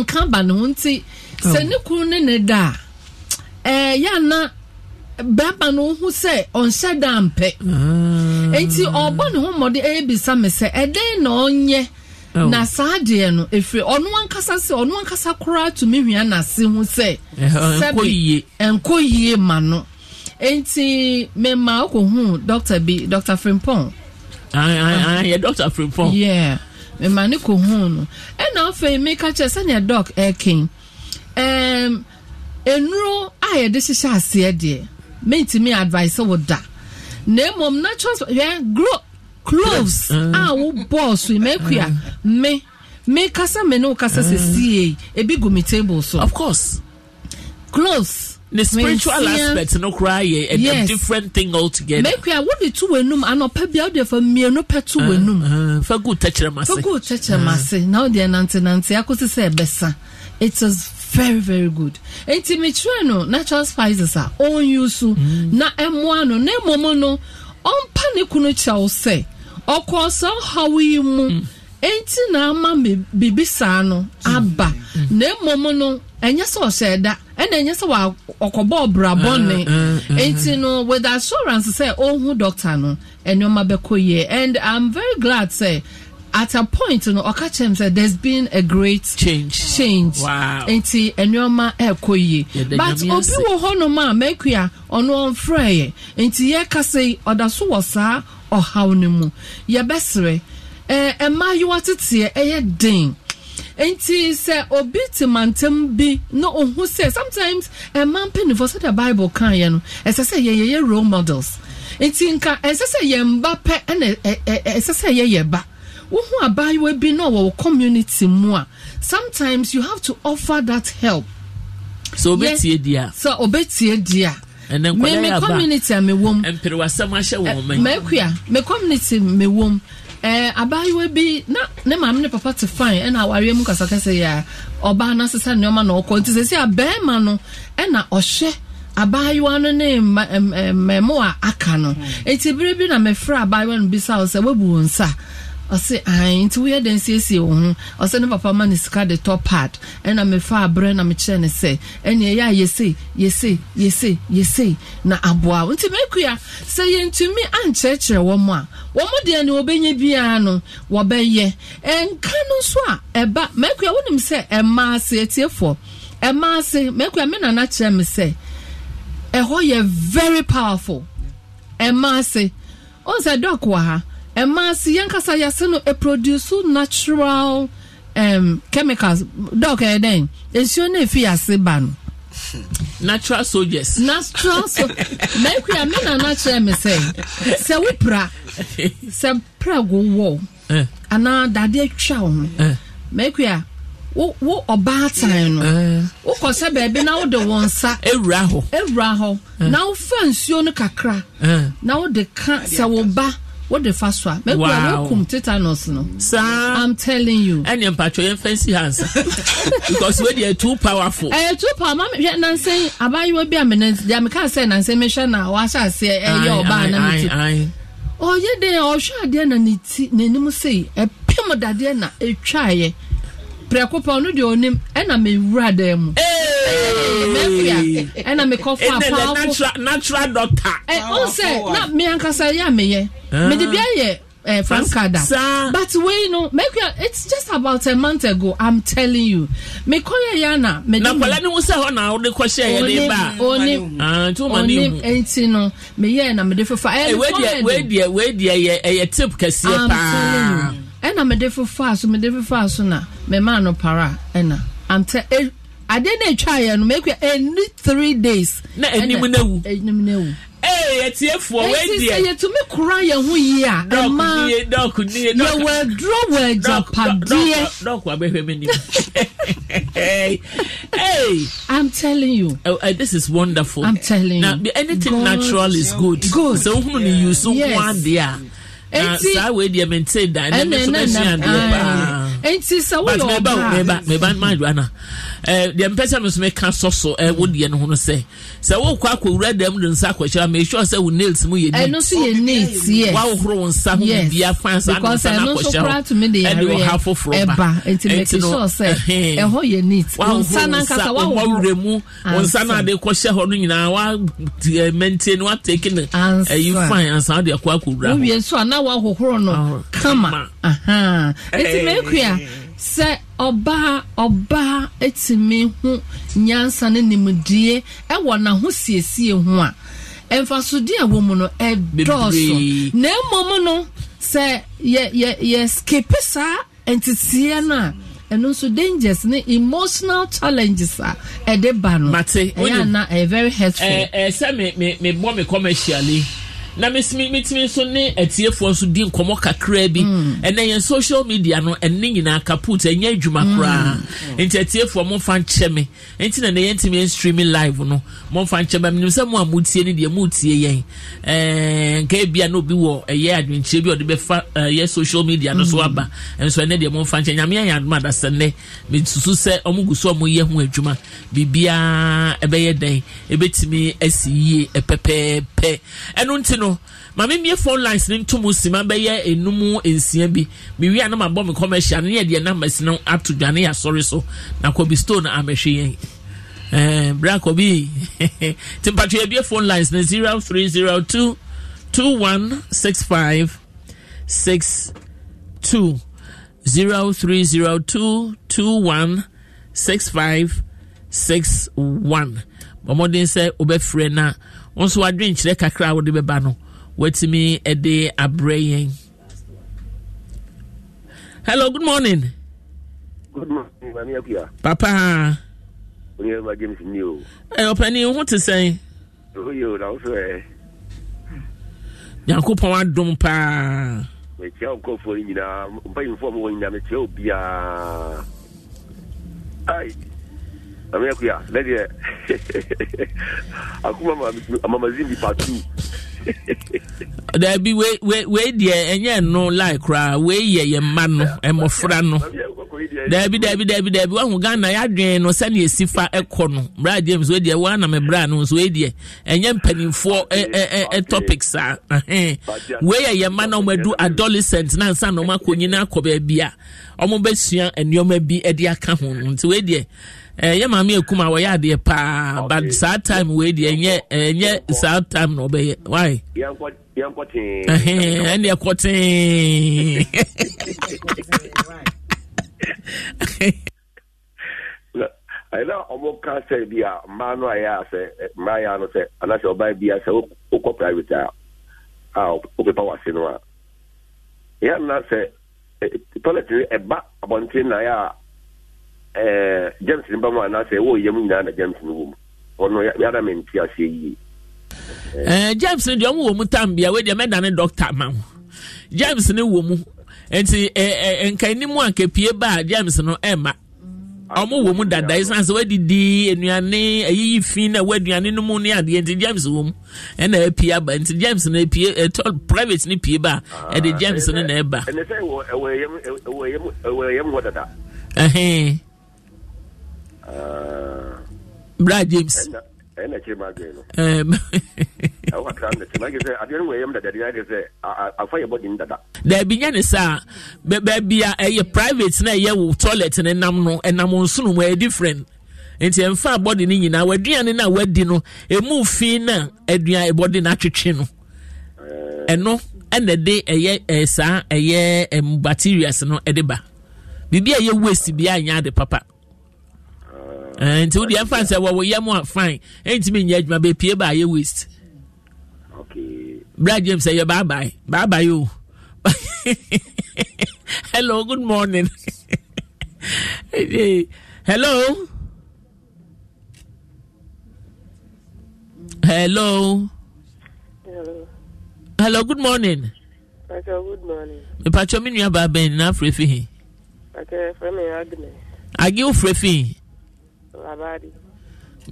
nka ba ne ho nti sɛ oh. ne kunu ne ne da a ɛɛ yana bɛrima no ho sɛ ɔnhyɛ da mpɛ ah. nti ɔbɔ ne ho mmɔde ebisa me sɛ ɛdɛn na ɔnyɛ oh. na saa deɛ no efiri ɔno ankasa sɛ ɔno ankasa koraa tumi hwia n'ase ho sɛ sɛbi nkɔ yie ma no. nti mema okɔhu dɔkta bi dɔkta frimpɔn yɛ doctor frimpɔn yeah mema ne kɔhu no ɛna e afei meka kyerɛ sɛnea dɔk ɛɛken e um, nnuro a yɛde hyehyɛ aseɛ deɛ mentumi advice wo da na mmom natural hwɛ gro cloves uh. a wobɔɔ so makua me me kasa me ne wo kasa sɛ sie ebi gu me table so of course cloves the spiritual Mensia, aspect no koraa yɛ a, different thing altogether. mɛkua wode to w'anum anɔpa bia wode fa mmienu pɛ to w'anum. fa gu tɛkyerɛma se. fa gu tɛkyerɛma se na wode nantenante akɔsi sɛ ɛbɛsa it is very very good nti mekyerɛ no natural spices a ɔnyu so na ɛmoa no na mmom no ɔmpa ne kunu kyɛw sɛ ɔkɔɔ sɛ ɔhaw yi mu mm. na ama biribi saa no mm. aba mm. na mmom no ɛnyɛ sɛ ɔhyɛ da ɛna ɛnyɛ sɛ wa ɔkɔbɔ ɔbrabɔ ne nti no with assurance sɛ ɔhu oh, doctor no nneɛma bɛkɔ yie and i'm very glad sɛ at a point no ɔka kyerɛ m sɛ there's been a great change change wow. nti nneɛma ɛkɔ yie but obi wɔ hɔnom a mɛkua ɔno ɔmfrɛ yɛ nti yɛkasa yi ɔda so wɔ saa ɔhaw no mu yɛbɛsrɛ ɛɛ mmaayewa teteɛ ɛyɛ den nti sɛ obi te mantam bi na ohun sɛ sometimes ɛma eh, mpanyinfoɔ sɛdeɛ bible kan yɛ no ɛsɛ sɛ yɛyɛ yɛ role models nti nka ɛsɛ sɛ yɛn ba pɛ ɛna ɛsɛ sɛ yɛyɛ ba wohu abaayewa bi na ɔwɔ community mu a sometimes you have to offer that help. sɛ obetie dia sɛ obetie dia ɛnɛ nkɔla yaba mɛ community a mɛ wɔm mpere wasɛm wɔn mɛ mɛ mɛ community mɛ wɔm. Eh, abaayewa bi na ne maame ne papa te fine ɛna awareɛ mu kasakasa yi a ɔbaa no asesa nneɛma na ɔkɔ nti sɛsi a bɛrima no ɛna ɔhyɛ abaayewa no ne mmɛmo mmaa aka no hmm. eti bere na mɛfrɛ abaayewa no bi sa ɔsɛ webu wɔn nsa. ɔsɛ ahan nti woyɛ dɛn siesie wo ho ɔsɛ ne papa ma ne sika de tɔ pad ɛna mefa aberɛ na mekyerɛ ne sɛ ɛneɛ yɛ a yɛsei yɛsei yɛsei yɛsei na aboa wo nti mɛkua sɛ yɛntumi ankyerɛkyerɛ wɔ m a wɔ mo deɛ ne wɔbɛnya biara no wɔbɛyɛ nka no nso a ɛba mɛkua wonim sɛ ɛma ase atiefoɔ ɛma ase mɛkua me nana kyerɛ me sɛ ɛhɔ yɛ very powerful ɛma ase ɔn sɛ dɔk wɔ ha ɛmaa si yɛn kasa yɛse no produce natural um, chemicals dɔk ɛyɛ dɛn nsuo no efi yɛse ba no. natural soldiers. natural so na ekura mi na n'akyerɛ mi sɛ sɛ wopra sɛ prɛgo wɔ eh. Ana dadeɛ twa wɔn ma ekura wo wo ɔbaatan no eh. wokɔ sɛ baabi na wode wɔn nsa ewura hɔ ewura hɔ eh. na wofa nsuo kakra na wode ka sɛ wo ba wode fa so a mɛkura wow. wokum tetanus no saa i'm telling you ɛne mpatwɛ yɛmfa nsi ha nsa because wei deɛ too powerful ɛyɛ eh, too power ma mehwɛ nansɛn abaayewa bi a mena deɛ meka sɛ nansɛn mehwɛ na wahyɛ aseɛ ɛyɛ ɔbaa na me ti ɔyɛ dɛn ɔhwɛ adeɛ na ne ti n'anim sei ɛpem dadeɛ eh, na ɛtwaeɛ prɛko pa ɔno deɛ ɔnim ɛna mewura dan mu ɛna mekɔ fa apaafo doctor. ɛ ɔnsɛ na mi ankasa yɛ ameyɛ mede bi ayɛ. Uh, from Kada. But we know, make it's just about a month ago. I'm telling you. Me koya yana. Me na kwala ni wusa hona ode kwashe ya de ba. Oni. Ah, tu Me ye me de fofa. Eh, we dia, we dia, we dia tip kesi pa. I'm telling you. Ena so me de fofa so me ma para ena. I'm telling ade na etwa ayɛ no mekua eni three days. na enim na ewu enim na ewu. ee eh, etiefoɔ wei deɛ. eti sɛ yɛtumi kura yɛn ho yie a ɛma yɛwɔ aduro wɔ agyapadeɛ. dɔɔko abɛhwɛ mi nim. hey i'm telling you. Uh, uh, this is wonderful. i'm telling you. na anything God, natural is good. good So, who ni you? so there? ho adeɛ a eti saa wei deɛ maintain da ɛnna ɛnna ɛnna ɛnna ɛnti sɛ woyɛ ɔbaa. but meba meba meba maa do ana. Eh, deɛ mpɛ sɛ mesome ka sɔ so eh, wo deɛ no ho no sɛ sɛ wokɔ akɔwura dɛm de nsa akɔkyerɛ ma ɛsure sɛ wo nails mu yɛ nitwawohoro wo nsa ho bibia fan saa ne nsa no akɔhyɛ ɛde ɔha foforɔ ba nti no wohorowura mu wo nsa no ade kɔhyɛ hɔ no nyinaa wamantie eh, no watake no ayi fan ansa wode akɔ akɔwura howowie sɛ ɔbaa ɔbaa etimi ho nyansa ne nimdie ɛwɔ n'aho siesie ho a mfasodie a wɔ mu no ɛdɔɔso na mmom no sɛ yɛ yɛ yɛ skipi saa nteteɛ no a ɛno nso dangers ne emotional challenges a ɛde ba no ɛyɛ ana ɛyɛ very hurtful. ɛɛ eh, ɛɛ eh, mi mi mi bɔ mi kɔmɛsiali na metumi nso ne atiefoɔ nso di nkɔmmɔ kakraa bi mm. ɛnɛ yɛn social media no ɛne nyinaa kaput ɛnyɛ adwuma mm. koraa nti atiefoɔ momfa nkyɛ nti na ne yɛntumi yɛn streaming live no momfa nkyɛ me menim sɛ mo a motie no deɛ motie yɛn nka ebia na obi wɔ ɛyɛ adwenkyerɛ bi ɔde bɛfa ɛyɛ social media no so mm. aba nso ɛnɛ deɛ momfa nkyɛ nyame ayɛ adoma adasa nnɛ mesusu sɛ ɔmo gu so ɔmo yɛ ho adwuma biribiaa ɛbɛyɛ dɛn ɛbɛtumi asi yie ɛpɛpɛɛpɛ ɛno nti no no maame mie phone lines ne ntom sima bɛyɛ enum nsia bi miwia na ma bɔ mi commercial ne yɛ deɛ na ma no ato dwane yɛ asɔre so na kɔbi stone amɛhwɛ yɛn ɛɛ bra kɔbi te mpatwa ebie phone lines ne zero three zero two two one six five six two zero three zero two two one six five six one mɔmɔden sɛ obɛfrɛ na nso adwenkyerɛ kakra a wode bɛba no watumi de abrɛ yɛn hello good morning good morning papa onye ma james ni o ɛ ɔpanin ho te sɛn nyankopɔn adom paa mekyia nkɔfoɔ no nyinaa mpanyimfoɔ mowɔ nyinaa mekyia wo maame akuya ne deɛ akoma amamazin bi patu daabi wei deɛ ɛnyɛ no lie koraa wei yɛ yɛ mma no e mmɔfra no daabi daabi daabi daabi wahu ghana yɛadwene no sɛnea ɛsi fa ɛkɔ e no bra james wei deɛ woana me bra no nso wei deɛ ɛnyɛ mpanimfoɔ ɛ e- topic saa wei yɛ yɛ mma na ɔmadu adolescent na nsa na ɔmakɔ nyina akɔ baabi a ɔmobɛsua nneɔma bi de aka ho nti wei deɛ ɛyɛ eh, maame ekum a wɔyɛ adeɛ paa but saa time wei deɛ ɛnyɛ ɛnyɛ saa time na ɔbɛyɛ why. ɛkɔ tee. ɛna ɔmo ka sɛ bi a mmaa no a yɛ a sɛ mmaa yɛ sɛ anaasɛ ɔbaa bi a sɛ private a a wase no a na sɛ toilet ɛba abɔnten na yɛ ɛɛ eh, james ni ba mu anaasɛ ɛwɔ yam nyinaa na james ni wɔ mu ɔno yàrá mi nti ase yie. Eh. ɛɛ eh, james ni deɛ ɔmo wɔ mu tam bia wei deɛ mɛda ne dɔkta ma ho james ni wɔ mu nti ɛɛ ɛɛ nka anim a ba james no ɛɛma ɔmo wɔ mu dada esan sɛ wadidi nnuane ayiyi fi na waduane no mu ne adeɛ nti james wɔ mu ɛna epie ba nti james na epie ɛtɔ private ni pie ba ah, ɛde james ne na ɛba. ɛnɛ sɛ ɛwɔ ɛwɔ ɛyɛm ɛwɔ ɛyɛm ɛwɔ ɛyɛm wɔ dada. Uh, bra james daabi nyɛ ne saa baabi a ɛyɛ private na ɛyɛ wo toilet ne nam no ɛnam nsono ɛyɛ different nti ɛmfa bɔde no nyinaa waduane no a wadi no ɛmu fi no a aduane no atwetwe no ɛno ɛna de ɛyɛ saa ɛyɛ bacterias no ɛde ba biribi a ɛyɛ waste bi nyɛ ade papa Eh, nti wodi ɛfa sɛ wɔwɔ yɛm a fine ɛntumi nyɛ adwuma pie ba yɛ waste Brad james ɛyɛ bye bye o hello good morning hello hello hello good morning good mepatwɔ me nua baa bɛn nyinaa frɛ fi he agye Agi frɛ fi labari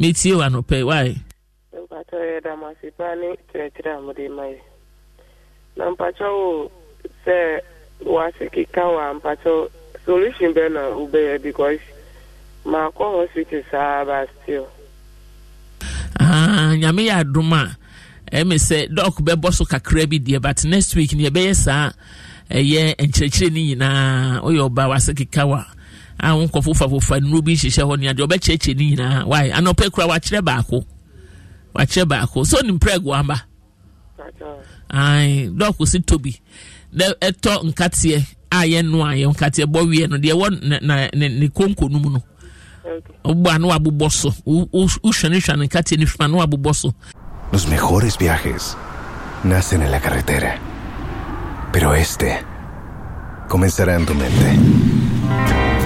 metie wa no pɛ wae mpatɔ yɛ da masepa ne kyerɛkyerɛ a ma na mpakyɛ wo sɛ wase keka wɔ a mpakyɛ solution bɛ na wobɛyɛ because hospital saa ba still ah, nyame yɛ adom a ɛme sɛ dɔk bɛbɔ so kakra bi deɛ but next week ne saa ɛyɛ nkyerɛkyerɛ no nyinaa woyɛ ɔba wase a wo nkɔfo fafofa nnuro bi hyehyɛ hɔ nea deɛ ɔbɛkyerɛkyerɛ ne nyinaa wae anɔpɛ kora wakyerɛ baako wakyerɛ baako so nim prɛg wamba ae dɔɔko si tɔ bi na ɛtɔ nkateɛ a yɛnoa yɛ nkateɛ bɔ no deɛ ɛwɔ ne konko no mu no wobɔ a na wabobɔ so wohwanehwane nkateɛ no fima na wabobɔ so Los mejores viajes nacen en la carretera, pero este comenzará en tu mente.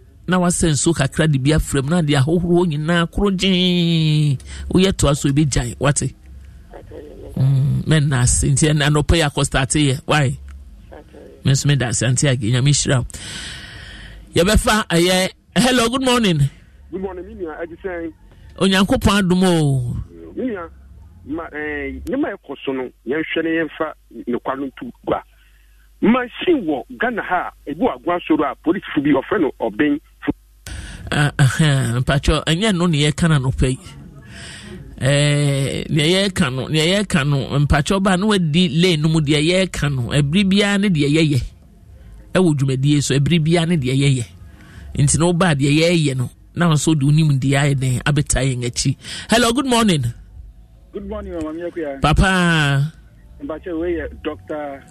na wasa nso kakra de bi mu na de ahohoro nyinaa koro gyee woyɛ toa so ebi gyan wate mm, ase nti ɛna anɔpɛ yɛ yɛ wae mɛ nso good morning. good morning nua ɛdi eh, so no ne no tu gua machine wɔ ghana ha a bi ɔfrɛ mpatwɛ ɛnyɛ no ne yɛka na nopɛ yi deɛ yɛka no deɛ yɛka no mpatwɛ ba na wadi lane no mu deɛ yɛka no ɛbiri biara ne deɛ yɛyɛ ɛwɔ dwumadie so ɛbiri biara ne deɛ yɛyɛ nti na woba deɛ yɛyɛ no na nso de onim deɛ ayɛ den abɛta yɛn akyi hello good morning. good morning maame yakuya. papa. mpatwɛ wei yɛ doctor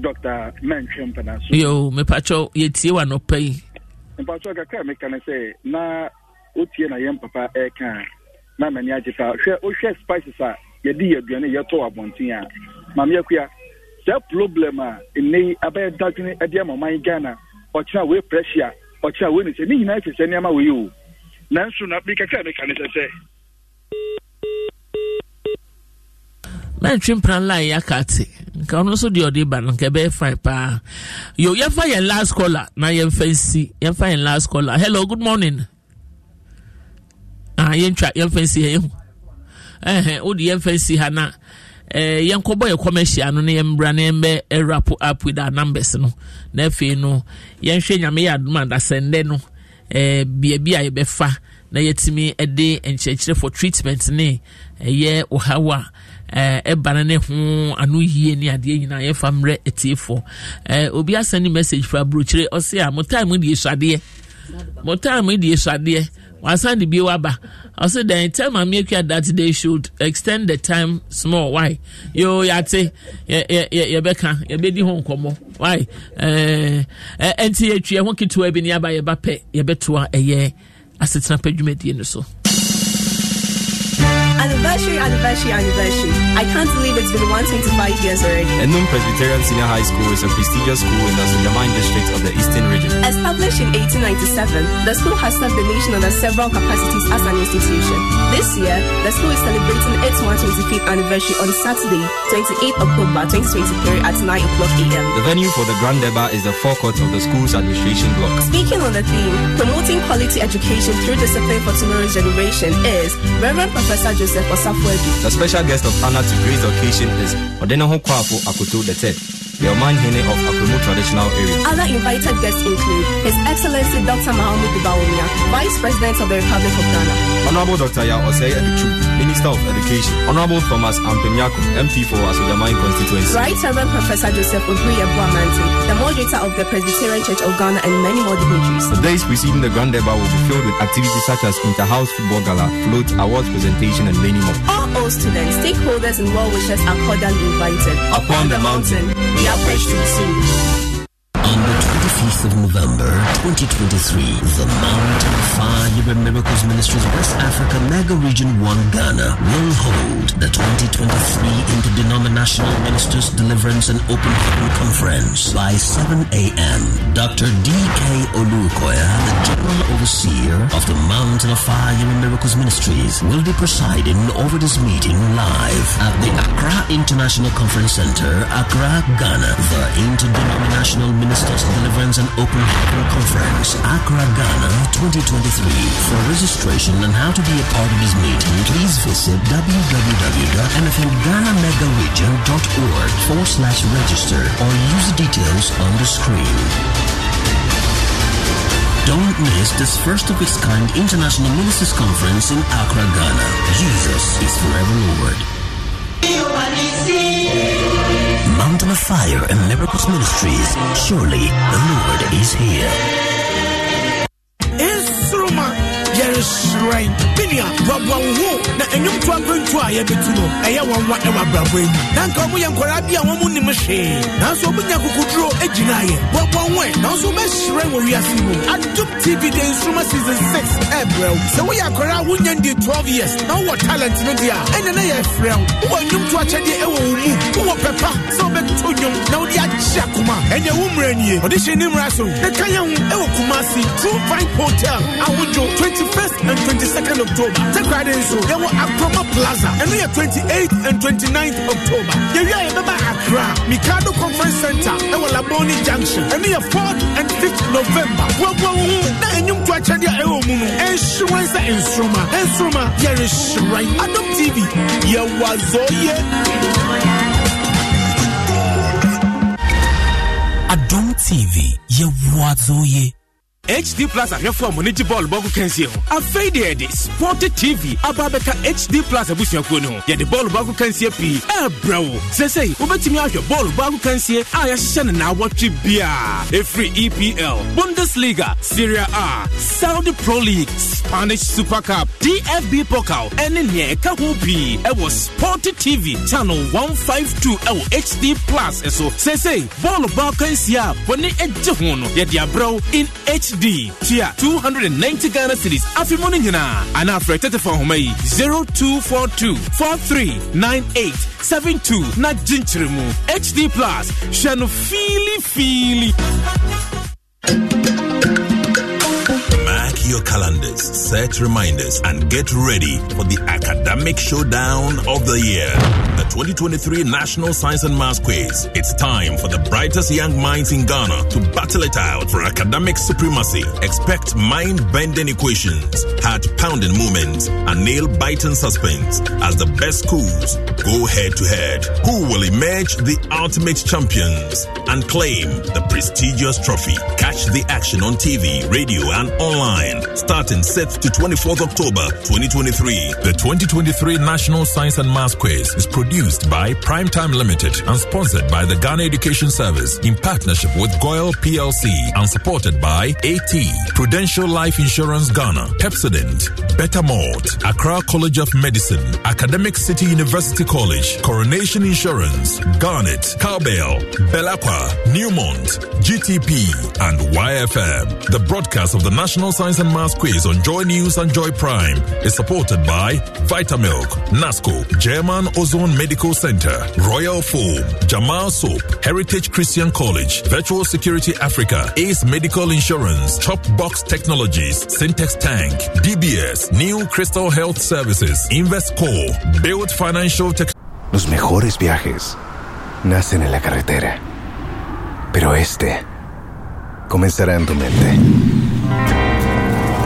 doctor mɛntwɛ mpana so. yoo mpatwɛ yɛtie wa nɔpɛ yi mpatso kakra meka ne sɛ na wotie na yɛn papa ɛka na n'ani agye paa hwɛ wohwɛ spices a yɛde yɛ aduane yɛtɔ abɔnten a maame akua saa problem a nne yi abɛyɛ dadwene de ama ɔman ghana ɔkyena wei pressure ɔkyena wei ne sɛ ne nyinaa firi sɛ nneɛma wei o nanso na meka kakra meka ne sɛ sɛ na ntwe line ya ka ate nka ɔno nso deɛ ɔde ba no nka ɛbɛyɛ fine paa yo yɛmfa yɛn last caller na yɛmfa nsi yɛmfa yɛn last caller hello good morning ah yɛntwa yɛmfa nsi ha yɛhu ɛhɛn wode yɛmfa nsi ha na ɛɛ eh, yɛnkɔbɔ yɛ kɔmɛhyia no na yɛmbra na yɛmbɛ ɛrap eh, app with our numbers no na afei no yɛnhwɛ nyame yɛ adum adasɛndɛ no ɛɛ eh, beebi a yɛbɛfa na yɛtumi ɛde nkyerɛkyerɛ for treatment ne ɛyɛ ɛbana eh, eh, ne ho ano yie ne adeɛ nyinaa yɛfa mmerɛ etiefoɔ ɛɛ eh, obi asɛn ne message fa burokyire ɔsi a mo time de esu adeɛ mo time de esu adeɛ wasan de bi waba ɔsi dɛn tell maame ekua that they should extend the time small why yoo yate yɛ yɛ yɛbɛka yɛbɛdi ho nkɔmɔ why ɛɛ ɛɛ nti yɛtwi ɛho ketewa bi ne yaba yɛba pɛ yɛbɛtoa ɛyɛ asetena pɛ dwumadie no so. Anniversary, anniversary, anniversary. I can't believe it's been 125 years already. Enum Presbyterian Senior High School is a prestigious school in the Sundaman district of the Eastern Region. Established in 1897, the school has served the nation under several capacities as an institution. This year, the school is celebrating its 125th anniversary on Saturday, 28th October 2023 at 9 o'clock a.m. The venue for the Grand Deba is the forecourt of the school's administration block. Speaking on the theme, promoting quality education through discipline for tomorrow's generation is Reverend Professor Joseph sɛ ɔsafo the special guest of honor to grace occasion is ɔdene ho Akutu akoto the third the Oman Hene of Akumu Traditional Area. Other invited guests include His Excellency Dr. Mahamudu Bawumia, Vice President of the Republic of Ghana. Honorable Dr. Yao Osei Edichu, Minister of Education. Honorable Thomas Ampemyako, MP for Asojamain Constituency. Right Reverend Professor Joseph Obuya Buamanti, the moderator of the Presbyterian Church of Ghana and many more dignitaries. The days preceding the Grand Deba will be filled with activities such as inter-house football gala, float, awards presentation and many more. All old students, stakeholders and well-wishers are cordially invited. Upon, Upon the, the, mountain, mountain Now praise to 25th of November 2023, the Mount Fire Miracles Ministries West Africa Mega Region 1 Ghana will hold the 2023 Interdenominational Ministers Deliverance and Open Heaven Conference by 7 a.m. Dr. D.K. Olukoya, the General Overseer of the Mount Fire Miracles Ministries, will be presiding over this meeting live at the Accra International Conference Center, Accra, Ghana. The Interdenominational Ministers Deliverance Museums and Open Hacker Conference, Accra, Ghana 2023. For registration and how to be a part of this meeting, please visit www.mfmghanamegaregion.org forward slash register or use the details on the screen. Don't miss this first of its kind international ministers conference in Accra, Ghana. Jesus is forever Lord. Mountain of Fire and Miracles Ministries. Surely the Lord is here. Instrument. yɛrehyerɛn menua wɔboa wo ho na ɛnwomto akwantu a yɛbɛtu no ɛyɛ wɔnwa ɛwɔ abrabɔ mu na nka ɔmo yɛ nkwaraa bi a wɔn mu nim hwee nanso ɔmonya kokoduro agyinaeɛ e wɔboa wo ɛ nanso wobɛhyerɛn wɔ wiase mu adom tv de nsoroma season 6 ɛbrɛw e sɛ woyɛ akwaraa a wonya ndi 12 years na wowɔ talent no e deɛ a ɛnɛ na yɛfrɛ wo wowɔ nnwomto akyɛdeɛ ɛwɔ wo mu wowɔ pɛpa sɛ wobɛto nnwom na wode agye akoma ɛnɛ wo mmerɛ nie ɔde hyɛ ne mmara so na ka yɛ ho ɛwɔ kumase true fine hotel ahodwo 20 21st and 22nd October. Take right in so they will Akroba Plaza. And we are 28th and 29th October. Yeah, yeah, remember Accra, Mikado Conference Center, and we Laboni Junction. And we are 4th and 5th November. Well, well, na enyum to achadia ewo mumu. Insurance instruma. Instruma, yeah, is right. Adam TV, yeah, was all yeah. Adum TV, yeah, what's all yeah. HD Plus ahwɛfo a mo ani gye bɔɔl bɔko kansie ho afei deɛ yɛde sport TV aba abɛka HD Plus abusuakuo no ho yɛde bɔɔl bɔko kansie pii ɛɛbrɛ wo sɛsɛi wobɛtumi ahwɛ bɔɔl bɔko kansie a yɛahyehyɛ no naawɔtwe biaa ɛfiri EPL Bundesliga Syria, A Saudi Pro League Spanish Super Cup DFB Pokal ɛne nea ɛka ho pii ɛwɔ sport TV channel 152 ɛwɔ HD Plus so sɛsɛi bɔɔl bɔko kansie a bɔne agye ho no yɛde abrɛ wo in HD HD tier 290 Ghana cities afi morning, no nyinaa anaa frɛ tɛtɛfa nhoma yi 0242 72 na gyenkyere mu HD Plus hwɛ no fiilifiili your calendars, set reminders, and get ready for the academic showdown of the year. The 2023 National Science and Maths Quiz. It's time for the brightest young minds in Ghana to battle it out for academic supremacy. Expect mind bending equations, heart pounding moments, and nail biting suspense as the best schools go head to head. Who will emerge the ultimate champions and claim the prestigious trophy? Catch the action on TV, radio, and online weekend starting 6th to 24th October 2023. The 2023 National Science and Maths Quiz is produced by Primetime Limited and sponsored by the Ghana Education Service in partnership with Goyle PLC and supported by AT, Prudential Life Insurance Ghana, Pepsodent, Betamort, Accra College of Medicine, Academic City University College, Coronation Insurance, Garnet, Cowbell, Belacqua, Newmont, GTP, and YFM. The broadcast of the National Science and maths quiz on Joy News and Joy Prime is supported by Vitamilk, NASCO, German Ozone Medical Center, Royal Foam, Jamal Soap, Heritage Christian College, Virtual Security Africa, Ace Medical Insurance, Chopbox Technologies, Syntex Tank, DBS, New Crystal Health Services, InvestCore, Build Financial Tech. Los mejores viajes nacen en la carretera, pero este comenzará en tu mente